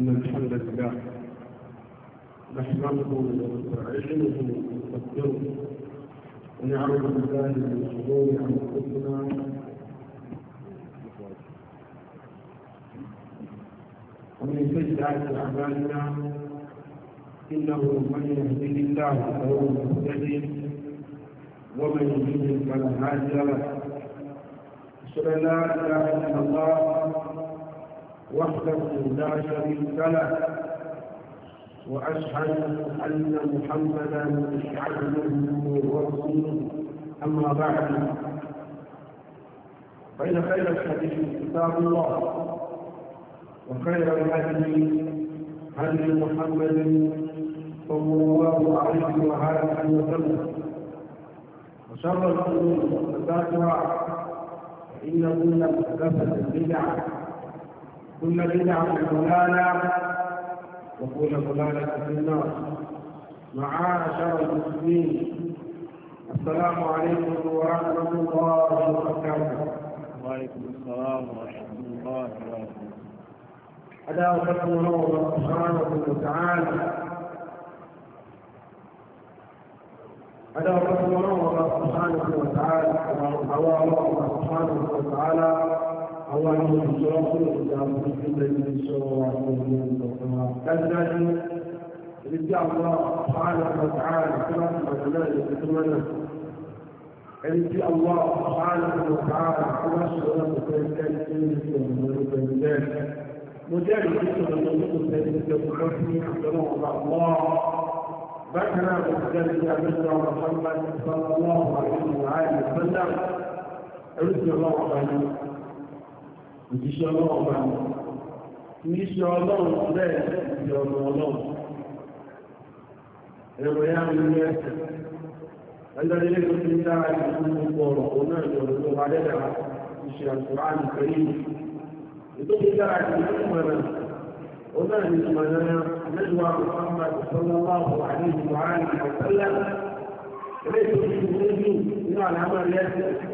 إن الحمد لله نحمده ونستعينه ونستغفره ونعوذ بالله من شرور أنفسنا ومن سيئات أعمالنا إنه من يهديه الله فهو مهتدي ومن يضلل فلا هادي له أشهد أن لا إله إلا الله وحده لا شريك له واشهد ان محمدا عبده ورسوله اما بعد فان خير الحديث كتاب الله وخير الهدي هدي محمد صلى الله عليه واله وسلم وشر الامور محدثاتها فان كل محدثه بدعه ثم بدعة ضلالة وكل ضلالة في النار معاشر المسلمين السلام عليكم ورحمة الله وبركاته وعليكم السلام ورحمة الله وبركاته أداء حكم الله سبحانه وتعالى ألا حكم الله سبحانه وتعالى وهو الله سبحانه وتعالى àwọn àwọn ìṣòro kúrò ìjà ìpínlẹ̀ ìṣòro àwọn ènìyàn kọ̀ọ̀kan. dájúdájú ibi tí àwọn àpáàlà àpáàlà àpáàlà àpáàlà ìpínlẹ̀ ẹni tí àwọn àpáàlà àpáàlà àpáàlà ṣòro láti fẹ́ ẹgbẹ́ ìpínlẹ̀ ìṣòro ìpínlẹ̀ mo jẹ́ ìrísí ìṣòro lórí ìpínlẹ̀ ìṣòro fún ìṣòro ọ̀gá àwọn بكر وكذلك بشرى محمد صلى الله عليه وآله وسلم رضي الله عنه òjíṣẹ́ ọlọ́run bá níṣẹ́ ọlọ́run bẹ́ẹ̀ ti ọ̀nà ọlọ́run ẹ̀rọ ya ń lé ẹsẹ̀ ẹjọ́ ilé tó ti ń dára ìlú gbogbo ọ̀rọ̀ òun náà ní ọ̀rọ̀ wa dẹ́dà ìṣe àtúrà nìkan yìí ètò ti dára ìlú ìmọ̀ràn òun náà ní ìmọ̀ràn mẹ́jọba Muhammad sallallahu alaihi wa alihi wa sallam ilé tó ti ń lé jù nínú àlámọ̀ lẹ́sẹ̀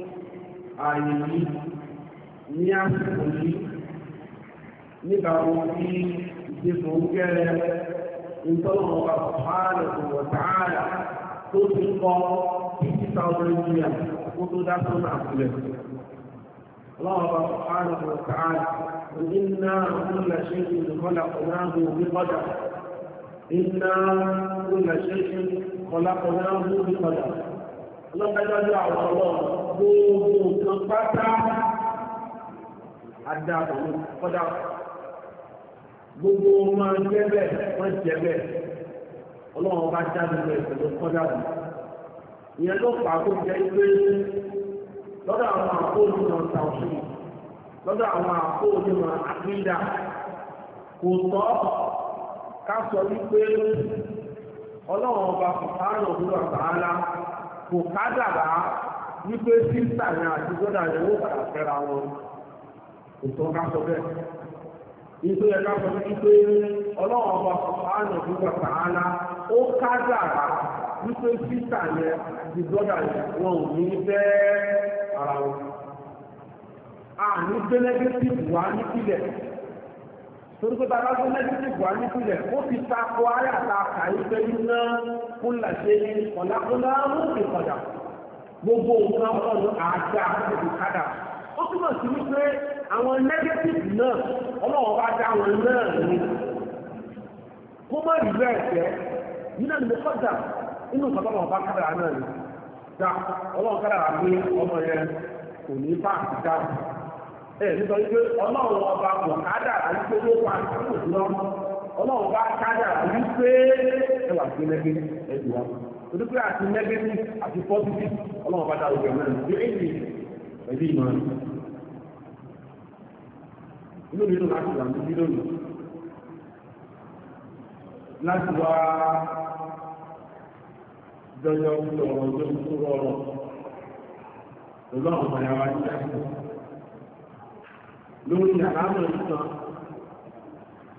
ààyè yìí ní àsìkò yìí nígbà wọn bí ìdìbò ń gẹ́rẹ́ ìtọ́nà ọba sọ̀hánà ìwọ̀ tààrà tó ti kọ́ fifty thousand years kó tó dá sọ́nà àkùlẹ̀. ọlọ́run ọba sọ̀hánà ìwọ̀ tààrà ìnà kúlẹ̀ ṣe ìdìbọ́lá ọ̀nàmù bíkọ́dà ìnà kúlẹ̀ ṣe ìdìbọ́lá ọ̀nàmù bíkọ́dà. ọlọ́pàá dájú àwọn ọlọ́run gbogbo nǹkan pátá adáàbò kọ́dá gbogbo ọmọ jẹ́bẹ̀ wọ́n jẹ́bẹ̀ ọlọ́run bá dá gbogbo ìpẹ̀lú kọ́dá bù ìyẹn ló fà á kó jẹ́ pé lọ́dọ̀ àwọn àkóòdù náà tàwọn lọ́dọ̀ àwọn àkóòdù náà àfíńdà kò tọ́ ká sọ wípé ọlọ́run ọba kò fáràn òwúrọ̀ tààlà kò ká dàgbà wípé sísà ní àti gbọ́dà ní owó padà fẹ́ra wọn ìtọ́ ká bẹ́ẹ̀ ìtọ́ yẹ sọ wípé ọlọ́run ọba sọ̀tàánù gbígbà sàánà ó kádàrá wípé sísà ní àti gbọ́dà ní wọn ò ní fẹ́ ara wọn àní gbẹ́lẹ́gẹ́sì wà nípìnlẹ̀ torípótá lásán lẹ́gbẹ̀ẹ́ ìgbà nípìnlẹ̀ ó fi takọ ayàtà kàyí pẹ̀lú náà kúnlẹ̀ ṣe ní ọ̀làkúnlá ó fi padà gbogbo nǹkan ọlọ́run àdá ìkádà ó túmọ̀ sí wípé àwọn negative náà ọlọ́run bá dá wọn náà ní kó má rí bẹ́ẹ̀ jẹ́ nínú ìlú kọjá inú ìkọjá ọlọ́run bá kádà náà ní dá ọlọ́run kádà pé ọmọ yẹn kò ní bá àti dá ẹ nítorí pé ọlọ́run ọba kò kádà àti pé ó wà nínú ìlú ọlọ́run bá kádà àti pé ẹwà gbẹlẹgbẹ ẹgbẹ wọn torí pé àti negative àti positive ọlọ́run bá dáwọ́ ìgbẹ̀mọ́ ẹ̀ ní èyí ẹ̀bí ìmọ̀ rẹ̀ inú mi dùn láti wà níbí lónìí láti wá jọjọ sọ̀rọ̀ tó ń tó rọrọ̀ ọlọ́run ọ̀yà wa ní ẹ̀kọ́ lórí àlámọ̀ ìtàn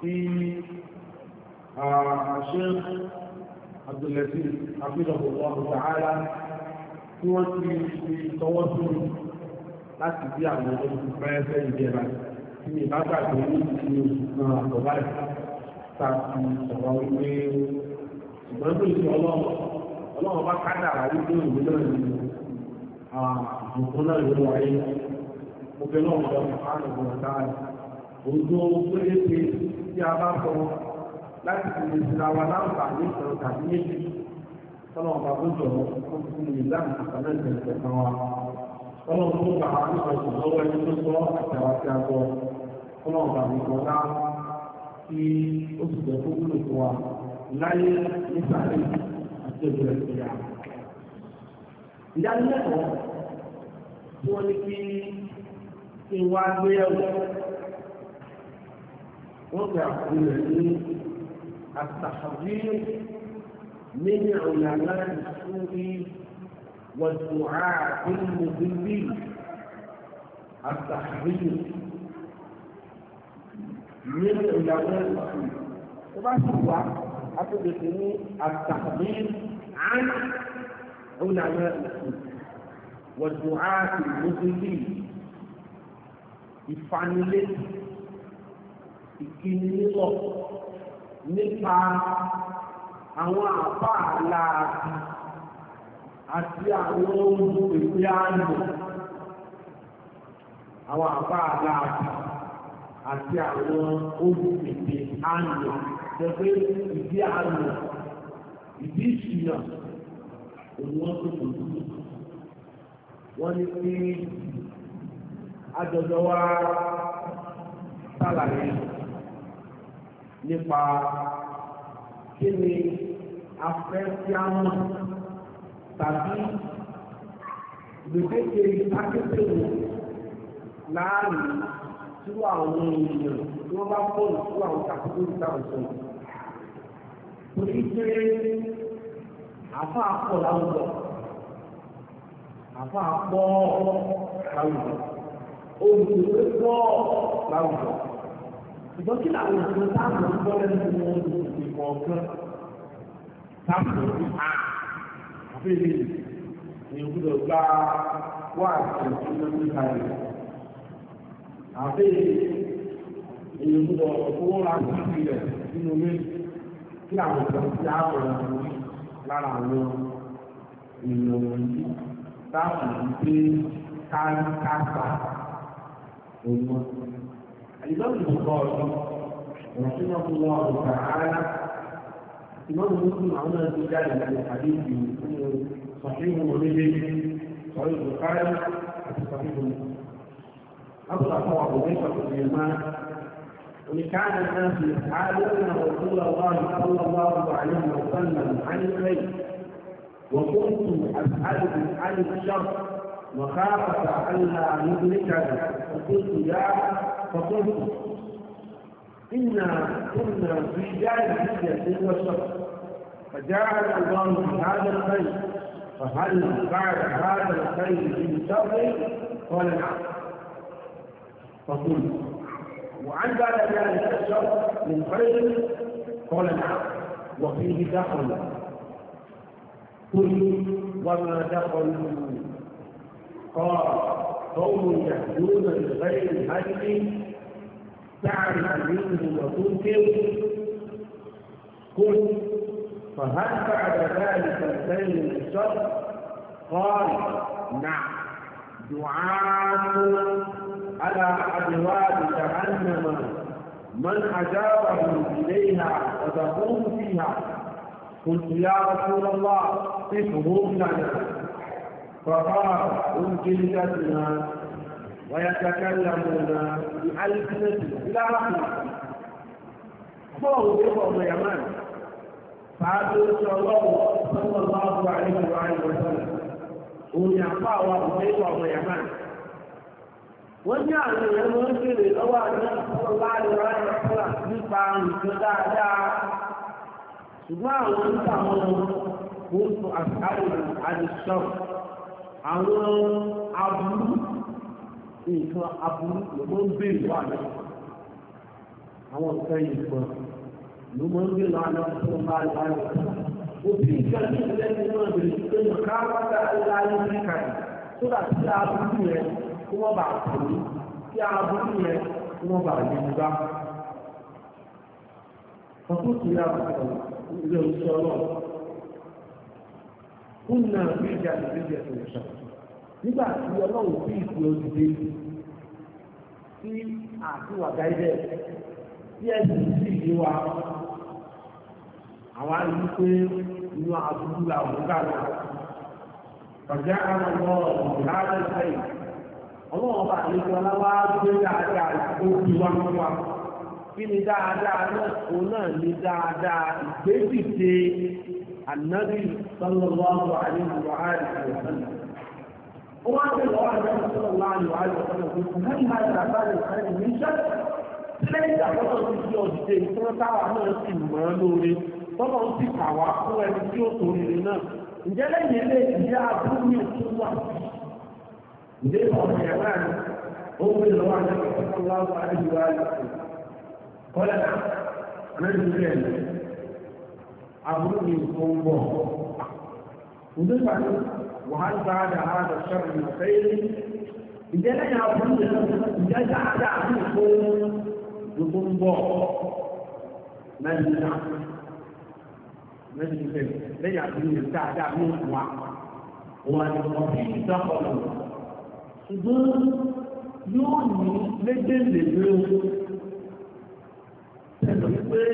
tí àṣẹ ah, abdullahi abidahu ọlọ́run sàárà tí wọ́n ti fi tọwọ́ sórí láti bí àwọn ọdún fẹ́ẹ́fẹ́ ìjẹba tí mi bá gbàgbé ní ìsinmi oṣù kan àtọ̀bá ìta ti sọ̀rọ̀ wípé ṣùgbọ́n tó ìṣe ọlọ́run ọlọ́run bá kádà wípé òwe náà ni àbùkún náà ló wáyé mo láti fi lè ṣe àwọn aláǹfààní ìṣòro tàbí méjì tọ́nà ọba tó jọ ó ti fún mi láti ìpàdé ìṣẹ̀lẹ̀ kan wa tọ́nà tó gbà á ní ọ̀sẹ̀ lọ́wọ́ ẹni tó sọ àti àwọn tí a gbọ́ tọ́nà ọba mi kan lá kí ó sì jẹ́ kó wúlò fún wa láyé nísàlẹ̀ àti ìbẹ̀rẹ̀ sí ìdánilẹ́kọ̀ọ́ tí wọ́n ní kí kí wá gbé wọ́n fi àkókò rẹ̀ التحذير من علماء السوء والدعاء المضلين التحذير من علماء السوء طبعا هو أتدركني التحذير عن علماء السوء والدعاء المضلين ìfanilé ìkíni nílọ nípa àwọn àpá aláàbí àti àwọn ohun ìpè àánú àwọn àpá aláàbí àti àwọn ohun ìpè àánú pẹ̀lú ìdí àánú ìdí ìṣìnà òun wọn tó kò dúró wọn ní pé àjọjọ wa sálàyé nípa kí ni afẹ́fíàmù tàbí gbèdéke akékèké láàrin tí àwọn èèyàn tí wọ́n bá fọ́ọ̀nù tí àwọn kàkúrú táwọn sọ̀rọ̀. Torí pé àfa àpọ̀ láwùjọ, àfa àpọ̀ láwùjọ, olùdókòwò láwùjọ ṣùgbọ́n kí làwọn nǹkan táwọn ń gbọ́ lẹ́nu tí wọ́n ń fi kọ̀ọ̀kan táwọn ń fi hàn àbẹ́lẹ̀ èèyàn gbọ́dọ̀ gba wà àti ìṣúná ní kalẹ̀ àbẹ́lẹ̀ èèyàn gbọ́dọ̀ fowó ra sí ìpìlẹ̀ nínú mẹ́rin kí làwọn nǹkan tí a rọ̀ lórí lára àwọn èèyàn wọ̀nyí táwọn ń gbé kárí kápá òun الإمام البخاري رحمه الله تعالى الإمام مسلم عمل ذلك من الحديث صحيح ومسلم صحيح البخاري صحيح مسلم أبلغ طبعا بيته اليمان وإن كان الناس يسألون رسول الله صلى الله عليه وسلم عن الخير وكنت أسأله عن الشر وخافت ألا يدركنا فقلت يا فقلت إنا كنا في جاهلية وشر فجعل الله في هذا الخير فهل بعد هذا الخير من شر قال نعم فقلت وعن بعد ذلك الشر من خير قال نعم وفيه دخل قلت وما دخل قال قوم يهدون بغير الهدي تعرف منهم وتنكر قل فهل بعد ذلك الخير من شر قال نعم دعاء على ابواب جهنم من اجابهم اليها وتقوم فيها قلت يا رسول الله افهم لنا فقال هم جلدتنا ويتكلمون بألسنتنا إلى رحمة فهو بفضل يمان فعبد الله صلى الله عليه وآله وسلم òun àpá àwọn àbùmẹ́wà ọmọ yàmá. Wọ́n ní àwọn èèyàn ló ń bèèrè lọ́wọ́ àwọn láàrin ráyà fúlà nípa nǹkan dáadáa. Ṣùgbọ́n àwọn ń tà wọn kó ń sọ àṣàrò àdìsọ́ọ̀ àwọn aburú nǹkan aburú ló máa ń béèrè wà náà àwọn nǹkan ìgbọ̀n ló máa ń béèrè wà náà tó ń bá a lọ. òfin nǹkan ní ìpínlẹ̀ ní náà bèrè pé nǹkan àbáta láyé níkà yìí tó dà sí aburú yẹn kí wọ́n bá pè é sí aburú yẹn kí wọ́n bá yẹn gbá. ọ̀tún kìí àbùkù ilé oṣù ọlọ́run. kúnà méjì àti méjì nígbà tí ọlọ́run bí ìpè òdìdé tí àtiwà gáídẹ̀ tí ẹ̀sìn sì yé wa àwọn àyè pé inú àbúrú làwọn gbà lọ. àwọn ọmọ yìí. Ọlọ́run bá gbé dáadáa kí ni dáadáa náà صلى الله عليه وآله وسلم وقال الله صلى الله عليه وآله وسلم هل هذا بعد الخير من شر؟ ليس فقط في يوجد كما تعالى أنا أسمى لوري فقط في تعوى أن يوصل لنا ǹjẹ́ lẹ́yìn ilé ìyá àbúrú tó wà ilé ọmọ ìyàwó àná ó wé lọ́wọ́ àjọ ìfọ́láwọ́ àríwá àlùkò kọ́lá àmẹ́rin rẹ̀ àbúrú mi kò ń bọ̀ وذلك وهل بعد هذا الشر من خير إذا لا يعرفون إذا زعل عنكم يكون بعض من يزعل من يزعل لا يعرفون يزعل عنكم وَالْمَرْحِيمِ دَخَلُوا ṣùgbọ́n yóò ní méjèèlè ló tẹ̀lú pé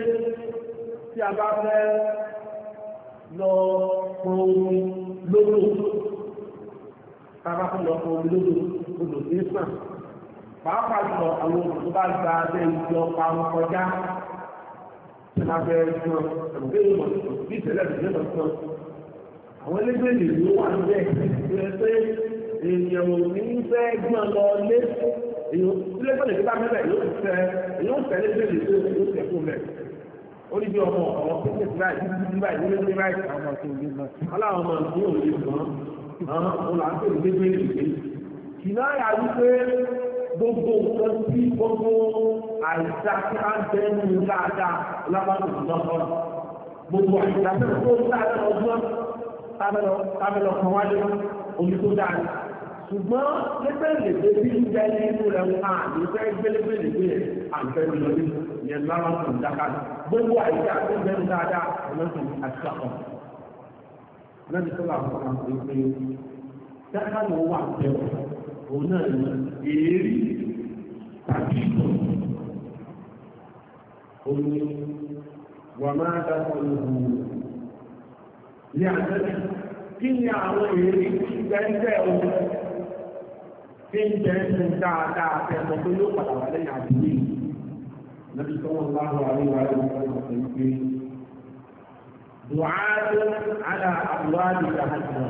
tí a bá fẹ́ lọ pọn omi lódò tábà fún lọ pọn omi lódò odò tí ń sàn pàápàá jùlọ àwọn odò tó bá gba abẹ́ ìjọ parun kọjá tí wọ́n fẹ́ sàn àgbẹ̀ ìmọ̀ bí ìtẹ̀lẹ̀ ìdílé lọ sàn àwọn ẹlẹ́gbẹ́ lè ló wà níbẹ̀ ìgbẹ́ pé èèyàn ò ní fẹ́ gbọ́n lọ lé èèyàn lẹ́gbẹ́ lè gbá mẹ́lẹ̀ yóò fẹ́ èèyàn fẹ́ lẹ́gbẹ́ lè lé yóò fẹ́ mẹ́lẹ̀ orí bí ọmọ ọmọ pínpín ti báyìí títí ti báyìí wọlé ní báyìí àwọn ọmọ tó ń gbé náà aláwọn ọmọ ní òye gan an ọmọ àti òdégbé nìgbé kìnnà yà wípé gbogbo nǹkan tí gbogbo àìsà tí a ń bẹ nínú dáadáa lábàtò náà kọ́ gbogbo àìsà tí gbogbo dáadáa ọgbọ́n tábẹ́lọ kan wáyé omi tó dáadáa ṣùgbọ́n lébèlébé bí ń jẹ́ nínú rẹ̀ ń hàn ní fẹ́ gbélébélébé rẹ̀ àǹfẹ́ mi lọ nínú yẹn lára tó ń dáká gbogbo àyíká tó ń bẹ́ẹ̀ dáadáa ọlọ́sìn àti sàkọ́. lẹ́nu tó làwọn kan ti pé dáká ló wà bẹ́ẹ̀ òun náà ní èérí tàbí ìtọ̀. òun ni wà máa dákọ̀ lóhùn ní àtẹ́lẹ̀ kí ni àwọn èérí gbẹ́ńgbẹ́ òun tí ń jẹ́ ń sin dáadáa àti ẹ̀sọ́ tó yóò padà wà lẹ́yìn àdúgbò lórí tó wọn bá wà ní wàhálà ìwà ìwà ìwà ìwà Dùhálù àlà àbúrádì ìdáhàjá.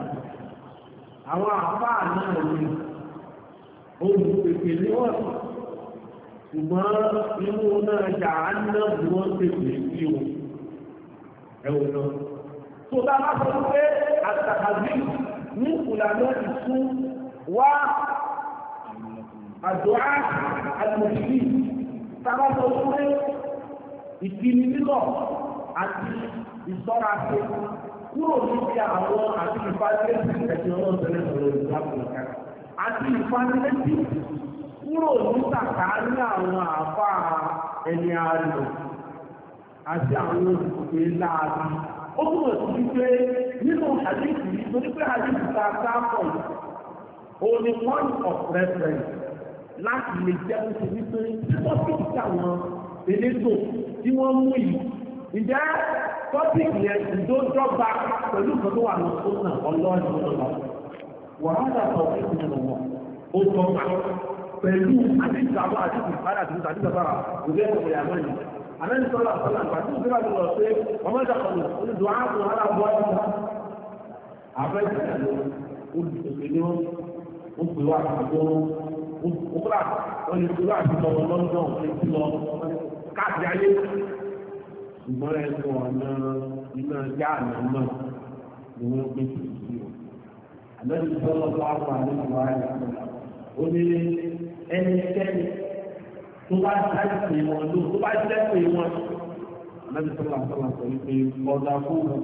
Àwọn àfáà náà ni olùpèpè ní wọ́n ṣùgbọ́n inú náà jà á ná bí wọ́n pèpè sí o. Ẹ̀wọ̀n lọ. Tó bá bá sọ pé àtàkàbí ní ìlànà ìsú wá àdúrà àlùmọ̀sí tábà tó pé àti ìsọ́ra kúrò níbi àwọn àti ìfanilẹ́sì ẹ̀sìn ọlọ́ọ̀tẹ̀lẹ̀ sọ̀rọ̀ ìdáàbòbò kan àti ìfanilẹ́sì kúrò ní àwọn àfa ẹni àlò àti àwọn láàbí ó túnbọ̀ sí wípé nínú àdéhùn yìí torí pé àdéhùn ta of reference láti lè jẹ́ oṣù nítorí tọ́pìkì táwọn elétò tí wọ́n mú yìí ǹjẹ́ tọ́pìkì yẹn ìdó dọ́gba pẹ̀lú nǹkan tó wà ní ọ̀nà ọlọ́ọ̀dún lọ́wọ́ wàhálà tọ́pìkì yẹn lọ́wọ́ ó dọ́gba pẹ̀lú àdìsàbọ̀ àdìsàbọ̀ àdìsàbọ̀ òbí ẹ̀kọ́ ìyá náà ni àmẹ́ni sọ́lá sọ́lá nípa tí ìjọba ti lọ sí ọmọ ìdàkọ̀lù olùdó ààbò aláàbò ọ̀dọ́ àbẹ́ ìdàkọ̀lù olùdókè ni ó ń pè wá àgbọ̀ òkúra wọn àti lọ lọ́dọ̀ lè lọ káàkiri ayé ṣùgbọ́n ẹ̀sùn ọ̀nà iná yá àná náà ni wọ́n pè sí ìdí o. àbẹ́rẹ́ ìfọ́lọ́ tó wá fún àlejò wa rẹ̀ ó ní ẹnikẹ́ni tó bá sáyẹ̀sì wọn ló tó bá sẹ́sì wọn. àbẹ́rẹ́ ìfọ́lọ́ àtọ́lá sọ wípé ọ̀dà fún wọn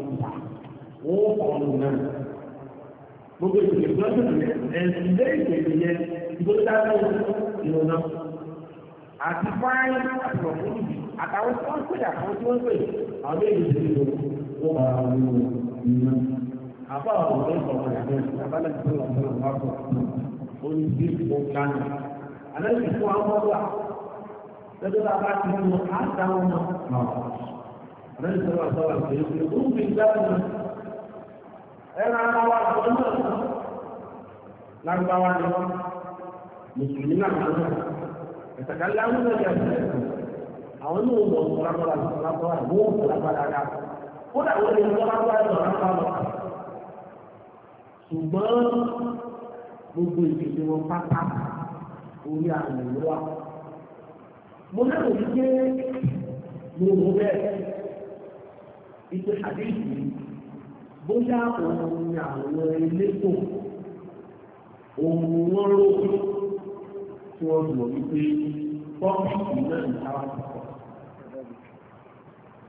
wọ́n kọ̀ ọ́ nù náà gbogbo ìpèsè lọ́sùn rẹ̀ ẹ̀sìn ilé ìpèsè yẹn ìgbóni dáadáa ìrọ̀nà àti fáìn àti ọ̀fúnùbì àtàwọn tí wọ́n pè àtàwọn tí wọ́n pè àwọn ilé ìpèsè yìí lọ ó bá wọn lò nínú. àbá àwọn ọ̀rẹ́ ìfọ̀mọ̀ ìfẹ́ abálẹ̀ tí wọ́n lọ wá bọ̀ ó ní bí mo kánú. àlejò fún àwọn ọmọ wa lọ́jọ́ bá bá ti mú àtàwọn ọmọ. àlejò sọ̀rọ̀ sọ̀rọ̀ ẹ̀rọ ara wa lọ náà lágbáwá ni wọ́n mùsùlùmí náà lọ náà ẹ̀sàkà láwọn náà yà sí ẹ̀sìn àwọn náà wọ̀ ọ̀pọ̀lọpọ̀lọ àgbọ̀lọpọ̀ àgbọ̀ ọ̀pọ̀lọpọ̀lọ àgbà kódà wọ́n lè lọ́lágbá lọ́lágbá ṣùgbọ́n gbogbo ìpèsè wọn pátá orí àmì wà mo lérò wípé mo rò bẹ́ẹ̀ ìpè àdéhùn yìí bóyá òun ni àwọn elétò òun wọ́n rò tí wọ́n mọ̀ wípé pọ́ọ̀kì náà ń ta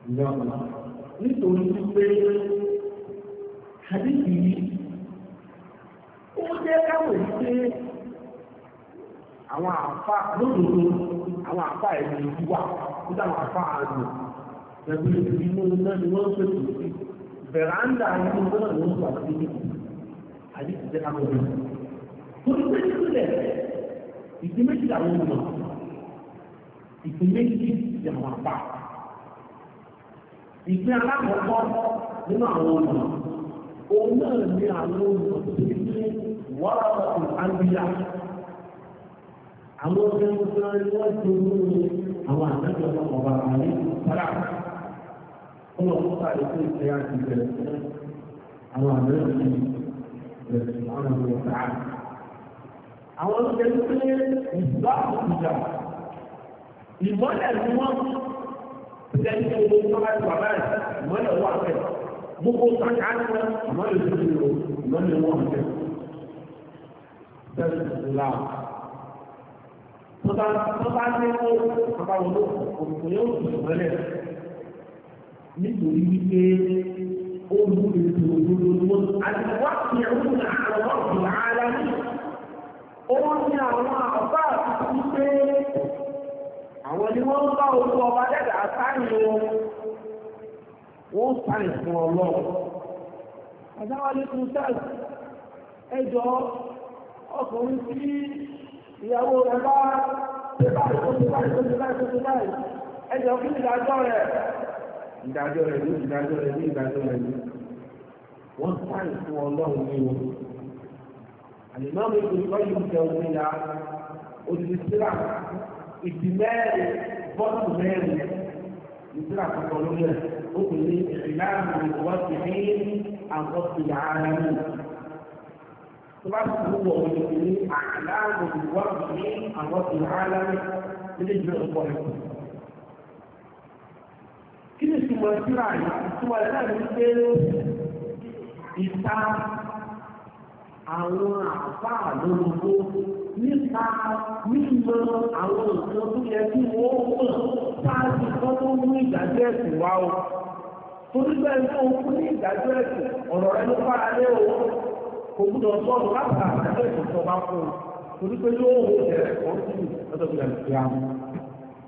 ìjọba nítorí wípé àdéhùn yìí ó jẹ́ káwọn ìpè àwọn àfa lódodo àwọn àfa ẹ̀mí ìwà nígbà àwọn àfa àrùn ẹ̀mí ìwà ni wọ́n ń pèsè sí veranda àwọn ọmọ ọmọ ọmọ ọmọ àti ìdíje àdìsí ti káwọn ọmọ torí pé nípìnlẹ̀ ìdí méjì làwọn ọmọ ìdí méjì ti àwọn àpá ìpín alákọ̀ọ́kọ́ nínú àwọn ọmọ òun náà ní àwọn ọmọ tó ti ní wàrà ọ̀sùn ọmọ ọ̀pọ̀ta ètò ìṣẹ́ àti ìbẹ̀rẹ̀ àwọn àmẹ́rin ní ìbẹ̀rẹ̀ àwọn ọmọ ọ̀tá. Àwọn ọ̀sẹ̀ ń pé ìgbà ìjà ìmọ́lẹ̀ ni wọ́n ṣe ń ṣe owó tó bá ti wà báyìí ìmọ́lẹ̀ wà bẹ̀. Gbogbo sáńkà ń pẹ́ ìmọ́lẹ̀ tó ti rò ìmọ́lẹ̀ wọ́n bẹ̀. Bẹ́ẹ̀ ni ìlà tó bá ní owó tó bá wọlé òkùnkùn yóò tù nítorí wípé ó mú ètò òdodo ni wọ́n àtìwá ẹ̀rùn àwọn ọ̀gbìn ara ní ó ní àwọn àbá àti wípé àwọn ni wọ́n ń bá ojú ọba dẹ́dà sáyìn wọn wọ́n sáyìn fún ọlọ́run àdáwálé fún sẹ́ẹ̀sì ẹjọ́ ọkùnrin tí ìyàwó rẹ̀ bá ṣe báyìí tó ṣe báyìí tó ṣe báyìí ìdájọ́ rẹ̀ ní ìdájọ́ rẹ̀ ní ìdájọ́ rẹ̀ ní wọ́n sáì fún ọlọ́run ní wọn àlèmọ́ mi kò ní lọ́yìn ìjẹun ní ya òtítí sílà ìdí mẹ́rin bọ́ọ̀lù mẹ́rin ìsìlá kọ̀ọ̀kan lórí ẹ̀ ó kò ní ìlànà ìwọ́sì ní àkọsí ara mi. tó bá ti wúwo òun ní ìlànà ìwọ́sì ní àkọsí ara mi nílé ìjọba ọ̀pọ̀ ẹ̀kọ́ kí ni ìtumọ̀ ìtura yìí ìtumọ̀ ìtura yìí pé ìta àwọn àbá àlòlògbò nípa mímọ̀ àwọn nǹkan tó yẹ kí wọ́n mọ̀ sáájú kan tó mú ìdájọ́ ẹ̀sìn wá o torí bẹ́ẹ̀ tó ń kú ní ìdájọ́ ẹ̀sìn ọ̀rọ̀ rẹ ló fara lé o kò gbúdọ̀ sọ̀rọ̀ látara ìdájọ́ ẹ̀sìn tó bá fún un torí pé yóò wọ ẹ̀rẹ̀ kan sí ọjọ́ ìgbàlódé àwọn.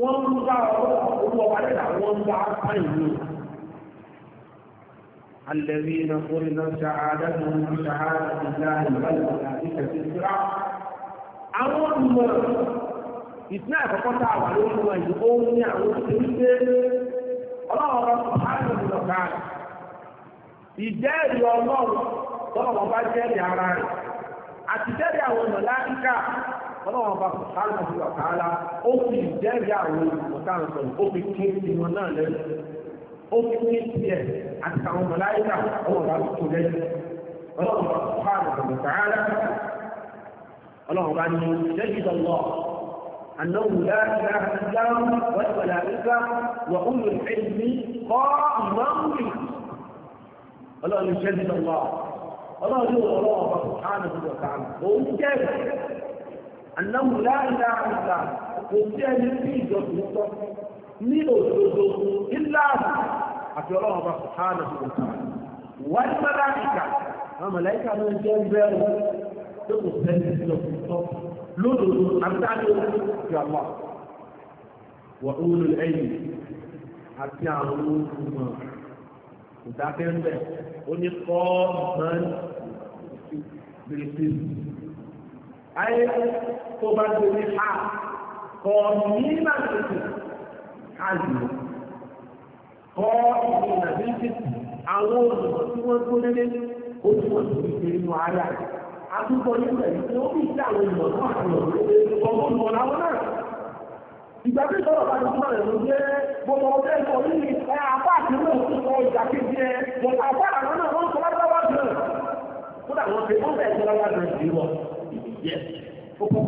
wọ́n ń bá ọwọ́ olú ọba dẹ́ta wọ́n ń bá pàìn ní. الذين قرن سعادتهم بشهادة الله والملائكة في الصراع àwọn ìmọ̀ ìsìnà ọlọ́run ọ̀hánà bá jẹ́rìí ara rẹ̀ àti àwọn ọlọ́wọ́n bá sàánà sí ọ̀tàálá ó fi jẹ́rìí àwọn olùkọ́tàǹsọ̀ ó fi kí ti wọn náà lẹ́nu ó fi kí tiẹ̀ àti àwọn mọ̀láyíkà ọlọ́wọ́n bá tó lẹ́nu ọlọ́wọ́n bá sàánà sí ọ̀tàálá ọlọ́wọ́n bá ní lẹ́yìn lọ́wọ́ أنه لا إله إلا هو والملائكة وأولو العلم قائما الله يشهد الله الله يقول الله سبحانه وتعالى هو جاهد ànáwó láàrín àìsà kò sí ẹni sí ìjọsìn tọ́ ní òdodo ìlànà àti ọlọ́run ọba sùhánà wà ní mẹ́láìkà àwọn mẹ́láìkà ló ń jẹ́ bẹ́ẹ̀rù tó kò sẹ́ni sí ìjọsìn tọ́ lódodo àbídájọ́ ti àmà wà óòlù ẹ̀yìn àti àwọn olùmọ̀ kò dákẹ́ ń bẹ̀ ó ní kọ́ mọ́ bèrè ayé tó bá gbé ní ha kọ́ ní láti àjò kọ́ ìlú nàìjíríà àwọn olùkọ́ tí wọ́n tó lé ó tún wọ́n tó fi nínú ara àtúbọ̀ nígbà yìí ó bí ìdí àwọn ìmọ̀ tó àti ọ̀gbọ́n olùkọ́ láwọn náà ìgbà tí sọ̀rọ̀ bá ti sọ̀rọ̀ ló jẹ́ gbogbo ọ̀gá ẹ̀kọ́ yìí ẹ apá àti ìlú òkúkọ ìjà kejì ẹ mo apá àwọn náà wọ́n sọ lágbára gan kódà wọ́n ti wọ́n bẹ̀ẹ́ sọ lágbára gan jù kókó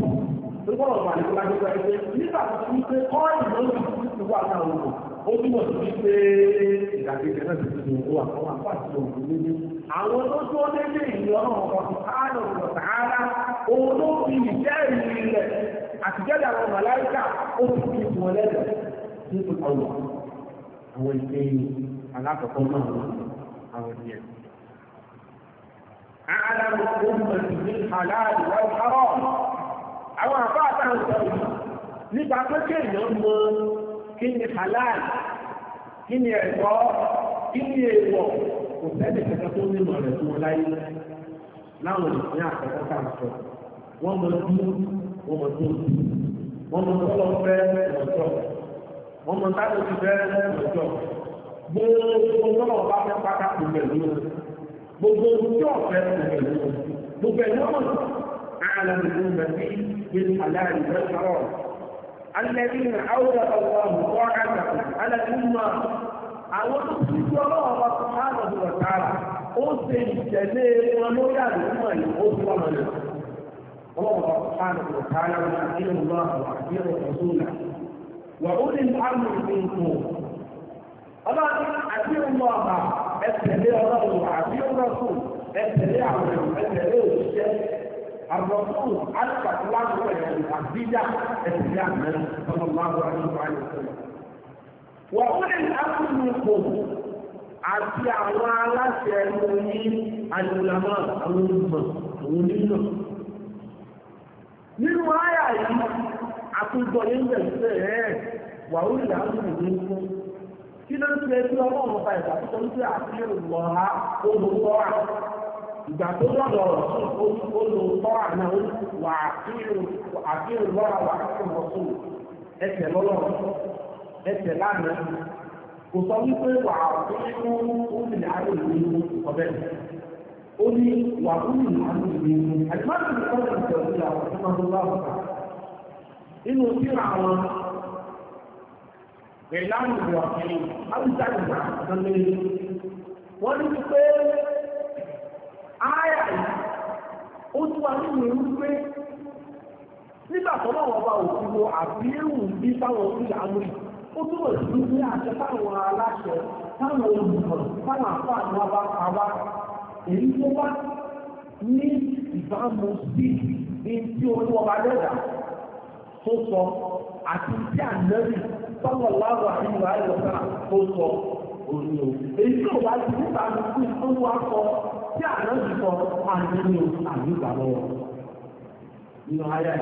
torípọ̀ ọ̀rọ̀ àti ìgbà gbogbo ẹgbẹ́ nígbà tó ti pé kọ́ọ̀lù lórí ìlú wà náà wò ó túbọ̀ sí ní pé ìdàgbẹ́jẹ náà ti ti wò wà fún àpá àti òkú níbi àwọn tó tó délé ìlú ọ̀nà ọ̀kan ààrùn ọ̀rọ̀ tààrà òun ló fi ìjẹ́ ìrìn rẹ̀ àtijọ́dá àwọn màláìkà ó ti fi wọn lẹ́lẹ̀ nínú ọ̀rọ̀ àwọn ìpè alákọ̀ọ́kọ́ náà àwọn ènìyàn أعلم أمة بالحلال والحرام àwọn àbá àtàǹsọ nípa pé kéèyàn mọ kí ni halal kí ni ẹ̀tọ́ kí ni èèwọ̀ kò sẹ́ni kẹta tó nínú rẹ̀ tó láyé láwọn ìpín àkọ́kọ́ káàkó wọ́n mọ bí wọ́n mọ tó bí wọ́n mọ tọ́lọ́ fẹ́ lọ́jọ́ wọ́n mọ táwọn ti fẹ́ lọ́jọ́ gbogbo tọ́lọ́ bá fẹ́ pátá pẹ̀lú gbogbo tí ọ̀fẹ́ pẹ̀lú gbogbo ẹ̀ يعلم المسيح بالحلال والحرام الذين اورث الله طاعتهم على الامه اوصف الله سبحانه وتعالى اوصف الجميع ونوال المال اوصف من الله سبحانه وتعالى ونعين الله وعزيز رسوله وأولي الأمر منكم أما أتبع الله أتبع الله وأتبع الرسول أتبع الرسول أتبع الشيخ الرسول ألقى الله عليه العبدية صلى الله عليه وسلم وأولي الأمر منكم àti ìgbà lọ́dọ̀ olùkọ́ra náà wà àfihàn lọ́ra wà fún ọ̀sùn ẹsẹ̀ lọ́lọ́run ẹsẹ̀ lánàá kò sọ wípé wà fún òmìnir àdóòlù ọ̀bẹ̀ ó ní wà àdìmọ́tò ní ìjọba ìlà ìlànà wọ́n ní wípé ááyà yìí ó tún wá nínú nígbà tó bá wọn bá òkú wo àbíyẹ̀wò bí báwọn orí àmì ó túbọ̀ sí ní àṣẹ táwọn aláṣẹ táwọn olùkọ́ táwọn àpá àwọn abáfáwá èyí tó bá ní ìbámu sí ní tí tó sọ àti tí ànẹ́rì tí àná ti sọ àdínú àdíngbàbọ̀ nínú ayé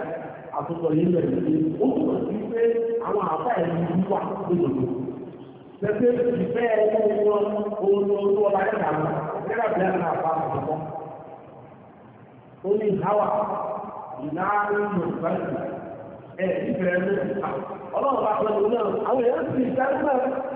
àtúntò yìí lẹ̀ ní ó túnbọ̀ sí pé àwọn àbá ẹ̀mí wà lójoojú. dànù nígbà tí Ó ní ìdáwà ìgbàlódé ẹ̀ ìfẹ́ ọlọ́run bá pẹ̀lú náà àwọn èèyàn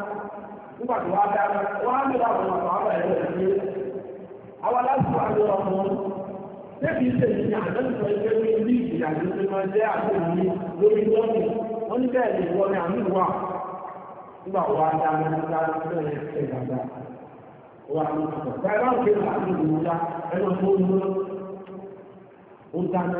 nígbà tó wá dáná wọ́n á nílò àwọn ọmọ àwọn ẹ̀rọ ìdílé àwọn aláṣọ àwọn ọmọ tẹ́bí ṣe ní àdánìkọ̀ ẹgbẹ́ ní ilé ìgbìyànjú tí wọ́n jẹ́ àtẹ̀yìn lórí lọ́nì wọ́n ní bẹ́ẹ̀ ndị wọ́n ní àmì wà nígbà nígbà tó wà ní ọ̀pọ̀ bẹ́ẹ̀ ẹ̀rọ tó ń ó dáná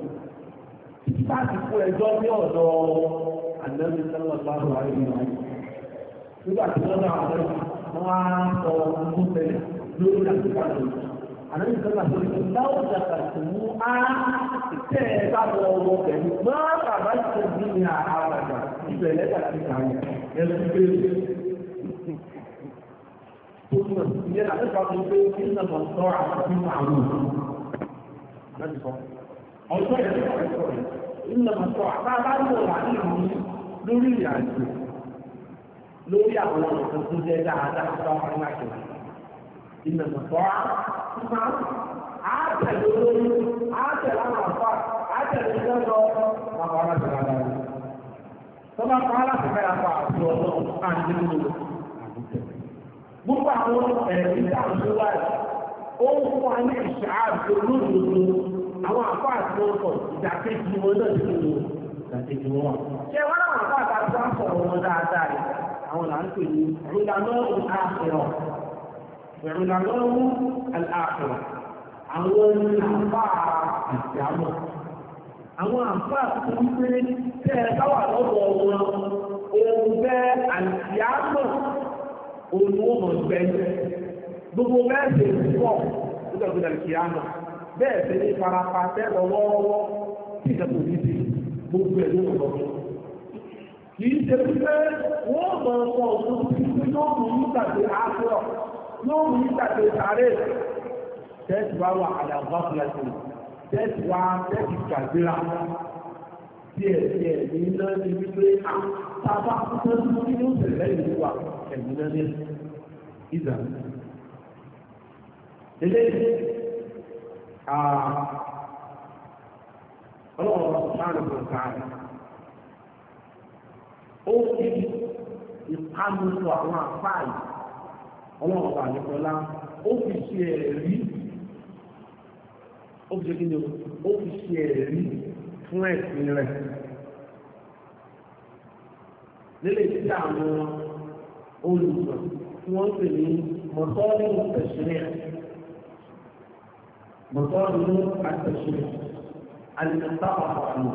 títí bá ti kó ẹjọ́ ní ọ̀dọ̀ àdẹ́bí sẹ́lọ̀ sáàrù àìyàn nígbà tí wọ́n náà rẹ̀ wọ́n á sọ ọdún tẹ̀lé lórí àtìkà lórí àdẹ́bí sẹ́lọ̀ sọ ìlú láwùjọ àtàkì mú á tẹ̀ ẹ́ bá lọ ọwọ́ pẹ̀lú máa bàbá ìṣẹ́ bí ní àràbà ìbẹ̀ lẹ́tà sí kàáyà ẹ̀rù bẹ́ẹ̀ Ìyẹn àti ìfàkùn pé kí ní ọmọ sọ́ra àti ìmọ̀ àwọn òṣèlú. Láti sọ ọjọ́ ìrìnàjò ìlànà sọ àbábá ń bọ̀ wà ní ìlú lórí ìrìnàjò lórí àwọn ọ̀sán tó jẹ́ dáadáa tó bá wọn láti rìn ìlànà sọ àbá àtẹ̀lé olórí àtẹ̀lé àwọn àfà àtẹ̀lé ìjọba àwọn aláṣẹ ara rẹ̀ tó bá pa aláṣẹ mẹ́ra pa àti ọ̀dọ́ àti nínú àbújá gbogbo àwọn ẹ̀rí dáhùn wáyé ó ń fún wa ní ìṣáà tó lóòótọ́ àwọn àpá àti wọn ìdàkejì wọn náà ti lò ìdàkejì wọn. ṣé wọn náà àpá àti wọn sọ̀rọ̀ wọn dáadáa rẹ̀ àwọn là ń pè ní ìrìnàlọ́ àfẹ́rọ̀ ìrìnàlọ́ àfẹ́rọ̀ àwọn ní àpá ìjàmọ̀ àwọn àpá àti wípé tẹ́ ẹ bá wà lọ́wọ́ wọn òun bẹ́ àìsíámọ̀ òun ó mọ̀ gbẹ́yìn gbogbo bẹ́ẹ̀ sì ń pọ̀ nígbà tó dàbí kìí àmọ̀ bẹ́ẹ̀ sì ní farapa tẹ́lọ wọ́ọ́wọ́ tí ìjọba òbí ti gbogbo ẹ̀ ló lọ. kì í ṣe pé wọ́n mọ̀ ọ̀pọ̀ òkú títí yóò mú nígbàgbé àṣọ yóò mú nígbàgbé sáré tẹ́sí wá wà àdàgbà fúlàṣẹ tẹ́sí wá tẹ́sí gbàgbéra díẹ̀ díẹ̀ ní iná ní wípé àtàbà tó ń bí ní oṣù lẹ́yìn ìwà ẹ̀mí náà ní ìdá. eléyìí ọlọ́run sùpáàlù kò káàdì ó fi ìpamọ́ àwọn àfáàyè ọlọ́run bá nìkọlá ó fi ṣe ẹ̀rí ó fi ṣe kí ni ó fi ṣe ẹ̀rí fún ẹ̀sìn rẹ̀ nílé tí àwọn olùsọ tí wọ́n pè ní mọ̀tọ́lẹ́wò tẹ̀sílẹ̀ mọ̀tọ́rù àtẹ̀ṣe alìsàpàpọ̀ àmì.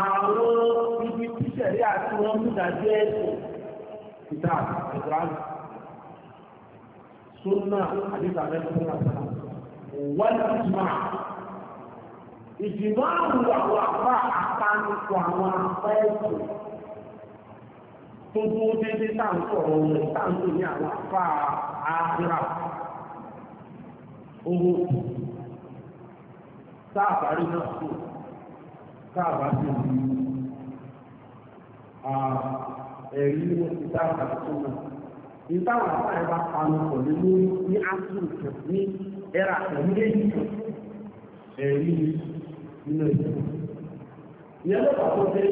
Àwọn ibi tíṣẹ̀rí àti wọn múdàjẹ́ ẹ̀sùn ìta ìgbàlù. Súnà àdìsà mẹ́tọ́rù àtàrà. Wọ́n ti máa. Ìjìmọ̀ àwọn àwọn apá àpánukọ àwọn apá ẹ̀sùn tó dúró déédéé táǹkọ̀ ọ̀rọ̀ táǹkọ̀ ní àwọn apá owó kù sáàbà rí náà kù sáàbà sí ìlú ẹ̀rí wọn ti sáàbà tó náà nígbà wọn àpá ẹ̀ bá ní lórí ní áṣùkù ní ẹ̀rà pẹ̀lú èyí ẹ̀rí ìlú ló pé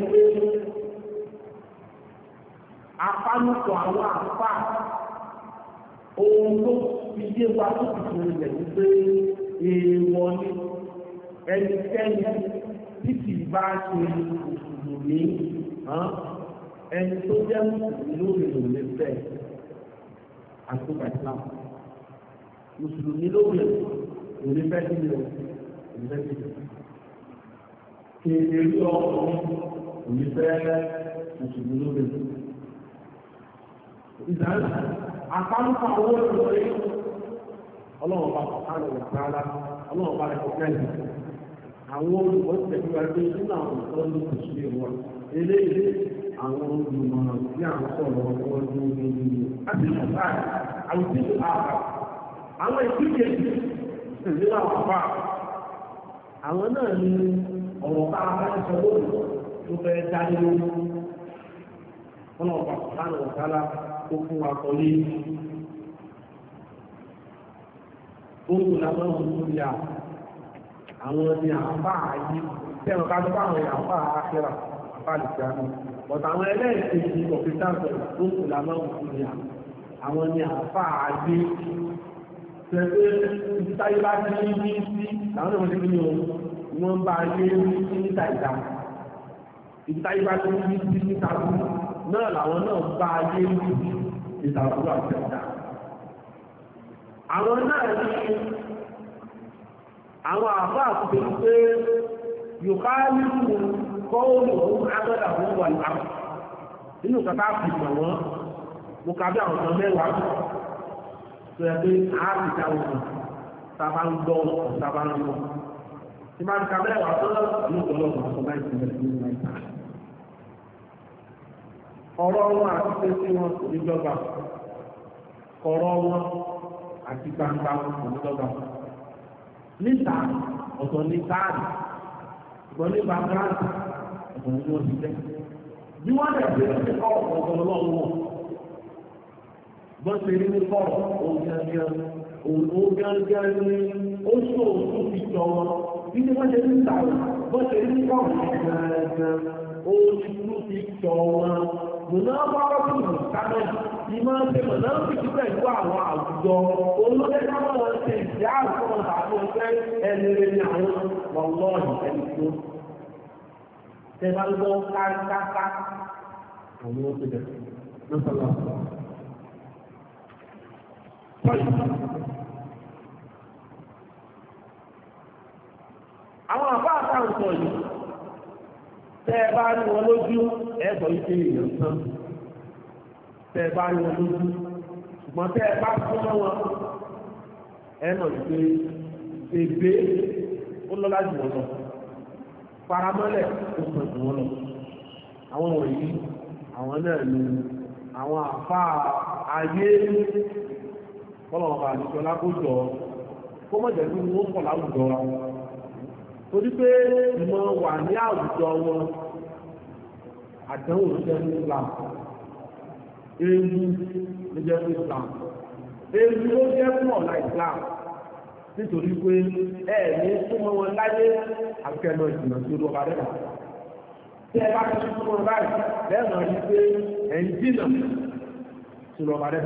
àwọn àpá ohun tó fi dé wa tó fi fún ilẹ̀ wípé èèwọ̀ ni ẹnikẹ́ni tí bá ṣe mùsùlùmí ẹni tó jẹ́ mùsùlùmí lórí òun fẹ́ àtúbà mùsùlùmí lórí òun fẹ́ sí ilẹ̀ òun fẹ́ sí kéde rí ọkùnrin òun fẹ́ mùsùlùmí lórí òun. Ìdáhùn àkáǹtà owó ìwé ọlọ́run bá sọ̀kánà wọ̀ sáárá bá rẹ̀kọ̀ kẹ́lì àwọn olùkọ́ tẹ̀síwájú pé nínú àwọn olùkọ́ ní kò sí ìwọ àwọn olùmọ̀ràn sí àwọn sọ̀rọ̀ ní ìlú láti àwọn àwọn ìpínlẹ̀ ìlú àwọn àwọn náà ní ọ̀rọ̀ bá sọ tó fẹ́ dá lórí bá kó fún wa kọ lé gbogbo làwọn ọmọ tó yà àwọn ni àpá ayé tẹ́wọ̀n ká tó àwọn àpá akẹ́rà àpá àlùfíà bọ̀tà àwọn ẹlẹ́ẹ̀kejì ọ̀fíìsà sọ̀rọ̀ gbogbo làwọn ọmọ tó yà àwọn ni àpá ayé tẹ̀lé ìtayé bá ti ní bí sí làwọn ọmọ tó ní o bá ayé ní níta ìta ìtayé bá ti ní bí sí níta náà làwọn náà bá ayé ní bí sí ìtàkùrọ̀ àti Àwọn náà ní àwọn àbá àkùkù pé yòká nínú kọ́ọ̀lù ọ̀hún agbọ́dà fún wà ní àwọn. kàtà ti ta ń gbọ́ ọ̀sán tó ní ọ̀pọ̀lọpọ̀ àkọ́bá ìsinmi ọ̀rọ̀ wọn àti tẹ́sí wọn kò ní dọ́gba ọ̀rọ̀ wọn àti gbangba wọn kò ní dọ́gba níta ọ̀tọ̀ ní káàdì ọ̀tọ̀ ní gbangba ọ̀tọ̀ ní wọn ti tẹ́ bí wọ́n lè fi ẹ̀sìn kọ́ ọ̀tọ̀ lọ́wọ́ wọn bọ́n ṣe rí ní kọ́rọ̀ òun gángan ní ó ṣòwò tó jọ wọn bí wọ́n ṣe rí ní kọ́rọ̀ bọ́n ṣe ní kọ́rọ̀ gángan ó ṣòwò tó fi jọ wọn mọ̀nàbọ́rọ́ fún ìrìnkámẹ́ ni máa ń ṣe mọ̀nàbí pẹ̀lú àwọn àwùjọ olóòtẹ́ká máa ń ṣe ìjà àkọ́kọ́ àwọn ẹgbẹ́ ẹni rẹ̀ ní àwọn lọ́lọ́ọ̀dì ẹni tó ṣe máa ń gbọ́ káńkáká àwọn oṣù àbá àtàwọn sọ̀rọ̀ tẹ́ ẹ bá rí wọn lójú ẹ̀sọ̀ yìí ṣe èèyàn tán tẹ́ ẹ bá rí wọn lójú ṣùgbọ́n tẹ́ ẹ bá súnmọ́ wọn ẹ mọ̀ sí pé bèbè ó lọ́lá jù wọn lọ faramọ́lẹ̀ ó pọ̀ wọn lọ àwọn wọ̀nyí àwọn náà ni àwọn àfa ayé kọ́lọ̀ ọba àdìsọ́lá kó jọ kó mọ̀jẹ̀ tó ń wọ́pọ̀ láwùjọ wa. torí pé ìmọ̀ wà ní àwùjọ wọn àdánwò jẹ́ ní Islam ewu ló jẹ́ fún Islam ewu ló jẹ́ fún ọ̀la Islam nítorí pé ẹ ní súnmọ́ wọn láyé akẹ́lọ ìdùnnà tó lọ́ba rẹ̀ tí ẹ bá ti súnmọ́ báyìí lẹ́ẹ̀mọ̀ rí pé dínà tó lọ́ba rẹ̀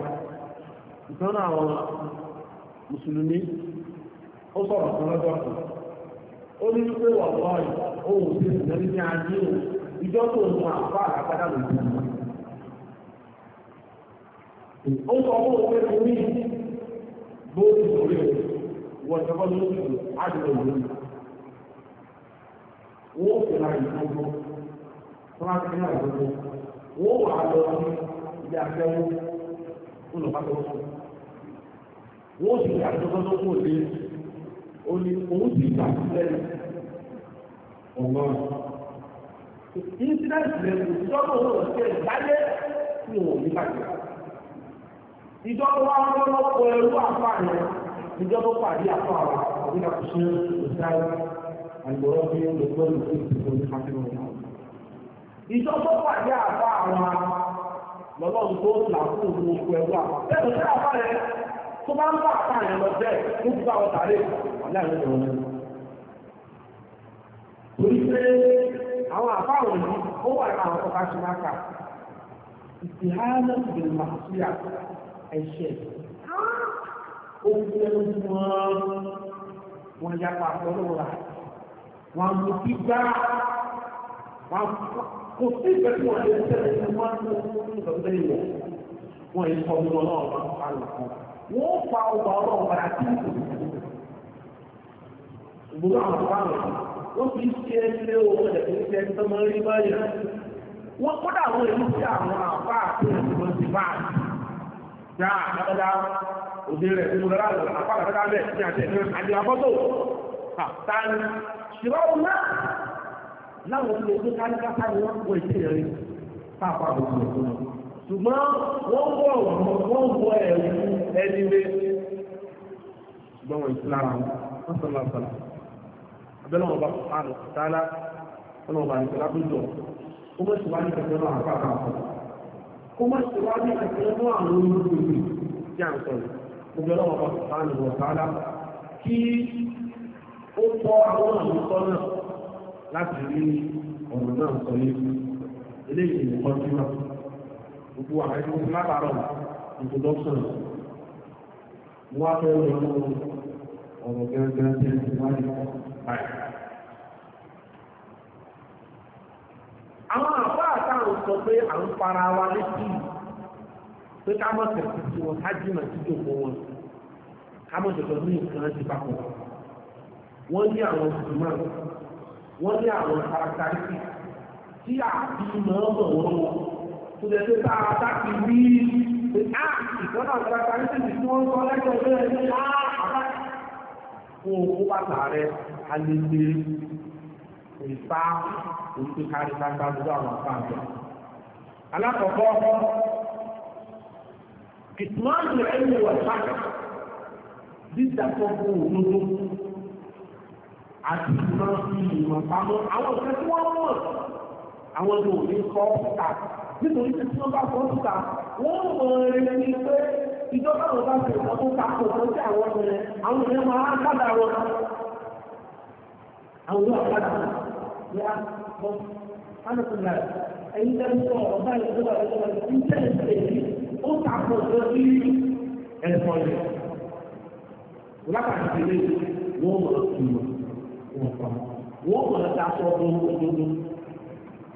ìtọ́nà àwọn mùsùlùmí ó sọ̀rọ̀ lọ́jọ́ kan onye ní wípé wà lọ́ọ̀yì ohun tí mo ní ní ayé o ìjọ tó ń fa àbá àgbàdà ló ti ó sọ fún o wọ́n ti kọ́ lóṣù lórí. wọ́n fi ra ìgbógbó wọ́n á fi ra wọ́n wà á lọ sí ilé afẹ́wọ́ olùbáṣọ́ wọ́n sì tọ́tọ́ ó òun sì gbà sílẹ̀ ọ̀nà incident lẹ́nu ìjọba òun ò ṣe ìdáyé tí òun ní bàjẹ́ ìjọba wa ń lọ́wọ́ pọ̀ ẹrú àfààní ìjọba pàdé àpá àwọn àwọn àkùsí ìsáyé àgbọ̀rọ̀ bí ó lè gbọ́ ìlú ìdìbò ní káfíńwó náà ìjọba pàdé àpá àwọn lọ́lọ́run tó là fún òun òkú ẹrú àpá tó bá ń bá àtàrin lọ bẹ́ẹ̀ ó bá wọn tàrí láàrin ọ̀rọ̀ náà. torí pé àwọn àbáwọn yìí ó wà láwọn ọkọ̀ káṣí máa kà ìtìhánà ìbẹ̀rù màṣíà ẹ̀ṣẹ̀ ó ń gbé ẹnu wọn wọn yapa àtọ́lọ́ wa wọn mú bí gbá kò sí ìgbẹ́ tí wọ́n lè tẹ̀lé ní wọ́n mú ní ìgbà tó lè wọ̀ wọ́n yìí kọ́ ọmọ náà wọn kọ́ àlùkò wọ́n fa ọgbà ọlọ́run padà sí ìgbòho àwọn ọ̀rọ̀ ó fi ṣe ilé owó rẹ̀ tó ṣe ẹni tó máa ń rí báyìí wọ́n kọ́dà àwọn èyí sí àwọn àpá àti ìgbìmọ̀ ti bá a já àdáda òde rẹ̀ tó lọ́la lọ́la àpá àdáda bẹ́ẹ̀ ní àti ẹ̀mí àti àbọ́tò tani ṣùgbọ́n ọ̀nà láwọn olùdókòwò káníkà sáà ni wọ́n kó ètè rẹ̀ ṣùgbọ́n wọ́n wọ̀ wọ́n wọ ẹ̀rù ẹni lé gbọ́n ìsìlára wọn sọ̀rọ̀ àbọ̀là abẹ́lẹ̀ wọn bá àrùn tààlà wọn wọn bá ní pẹ̀lú àbújọ kó mọ̀ sí wá ní kẹ̀kẹ́ náà àpá àpá kó mọ̀ sí wá ní kẹ̀kẹ́ náà àwọn olùdókòwò tí à ń sọ̀rọ̀ gbogbo ọlọ́wọ́ bá àrùn wọn tààlà kí ó tọ́ àwọn àwùjọ náà láti rí ọ̀rọ̀ náà sọ yé eléyìí nìkan tí wọ́n gbogbo àwọn ẹgbẹ́ tó látàrọ̀ introduction mo wá fẹ́ lọ lọ ọ̀rọ̀ gẹ́gẹ́ tẹ́ ti wá ní báyìí. àwọn àbá àtàwọn sọ pé à ń para wa létí pé ká mọ̀ tẹ̀sí tí wọn ká jìnnà sí ìjòkó wọn ká mọ̀ tẹ̀sí ní nǹkan ti papọ̀ wọ́n ní àwọn ìgbìmọ̀ wọ́n ní àwọn kárátárìtì tí àbí mọ̀ ọ́ bọ̀ wọ́n wọ́n tó lè ṣe tá a rí ní tèmi tí wọ́n ń àwọn àpáàjọ. alákọ̀ọ́kọ́ kìtìmáàlù ẹ̀yìn ìwà ìpàdé dídàpọ̀ òdodo àti ìmọ̀ ìmọ̀ pamọ́ àwọn ìfẹ́ tí mọ̀ àwọn ìlú òní kọ́ tàbí nítorí tí wọ́n bá sọ síta wọ́n mọ ẹrẹ ní pé ìjọba àwọn bá fi ọ̀pọ̀ tó takò tó sí àwọn ọmọ rẹ̀ àwọn èèyàn máa ń padà wọn. àwọn yóò padà wọn ní a bọ́ alùpùpù ẹ̀yin tẹ́ ń sọ ọ̀gá ìjọba ìjọba ìjọba ìjọba ìjọba ó takò tó sí ẹ̀fọ́ rẹ̀. lápàtàkì lè wọ́n mọ̀ ọ́ sí wọn wọ́n mọ̀ ọ́ sí aṣọ ọdún ọdún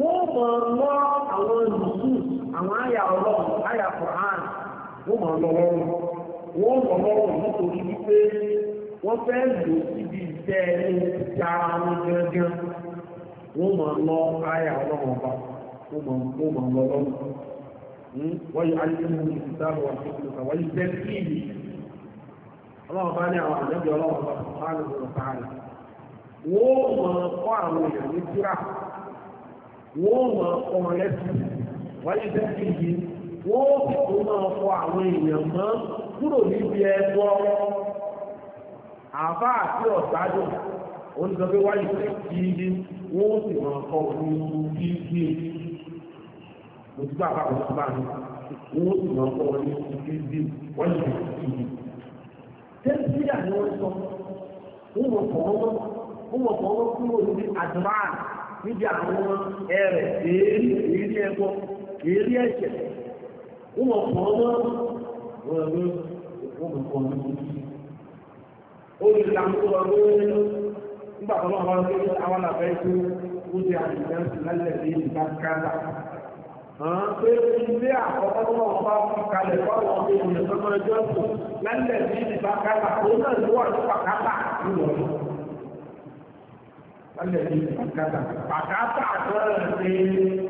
wọ́n mọ̀ mọ́ àwọn nùsù àwọn àyà ọlọ́run àyà Quran wọ́n mọ̀ ọlọrọ wọ́n mọ̀ lọ́wọ́ nítorí wípé wọ́n fẹ́ lò síbi iṣẹ́ ẹni ta wọn wọ́n mọ̀ lọ àyà ọlọ́run ọba wọ́n mọ̀ hmm? wọ́n yí àti wọ́n yí sí ìlú ọlọ́run bá ní àwọn ọlọ́run ọba wọ́n mọ̀ wọ́n mọ̀ ọmọ lẹ́sù wáyé tẹ́sí yìí wọ́n tó máa fọ àwọn èèyàn mọ́ kúrò níbi ẹ̀kọ́ àbá àti ọ̀gbádùn onígbàgbé wáyé tẹ́sí yìí wọ́n sì máa kọ́ onígbù bíbí mo ti bá àbá kò bá mi wọ́n sì máa kọ́ onígbù bíbí wáyé tẹ́sí yìí tẹ́sí yà ni wọ́n sọ wọ́n mọ̀ kọ́ wọ́n mọ̀ kọ́ wọ́n kúrò níbi àdúrà níbi àwọn ẹ̀rẹ̀ èérí èérí ẹ̀kọ́ èérí ẹ̀ṣẹ̀ wọ́n mọ̀ fún ọmọ wọn ní òkú ọmọ ó lè ta mú wọn ló ń nígbà tó wọn wọn lé àwọn àbẹ́ tó ó ti àdìsẹ́ lálẹ́ sí ìgbà kára pé ilé àkọ́kọ́ tó wọn bá fi kalẹ̀ fáwọn ọmọ ènìyàn tó mọ ẹjọ́ tó lálẹ́ sí ìgbà kára òun náà ló wà ní pàkátà nínú ọ̀rọ̀ ọlẹ́bí pàkátà pàkátà àtọ́rọ̀ ṣe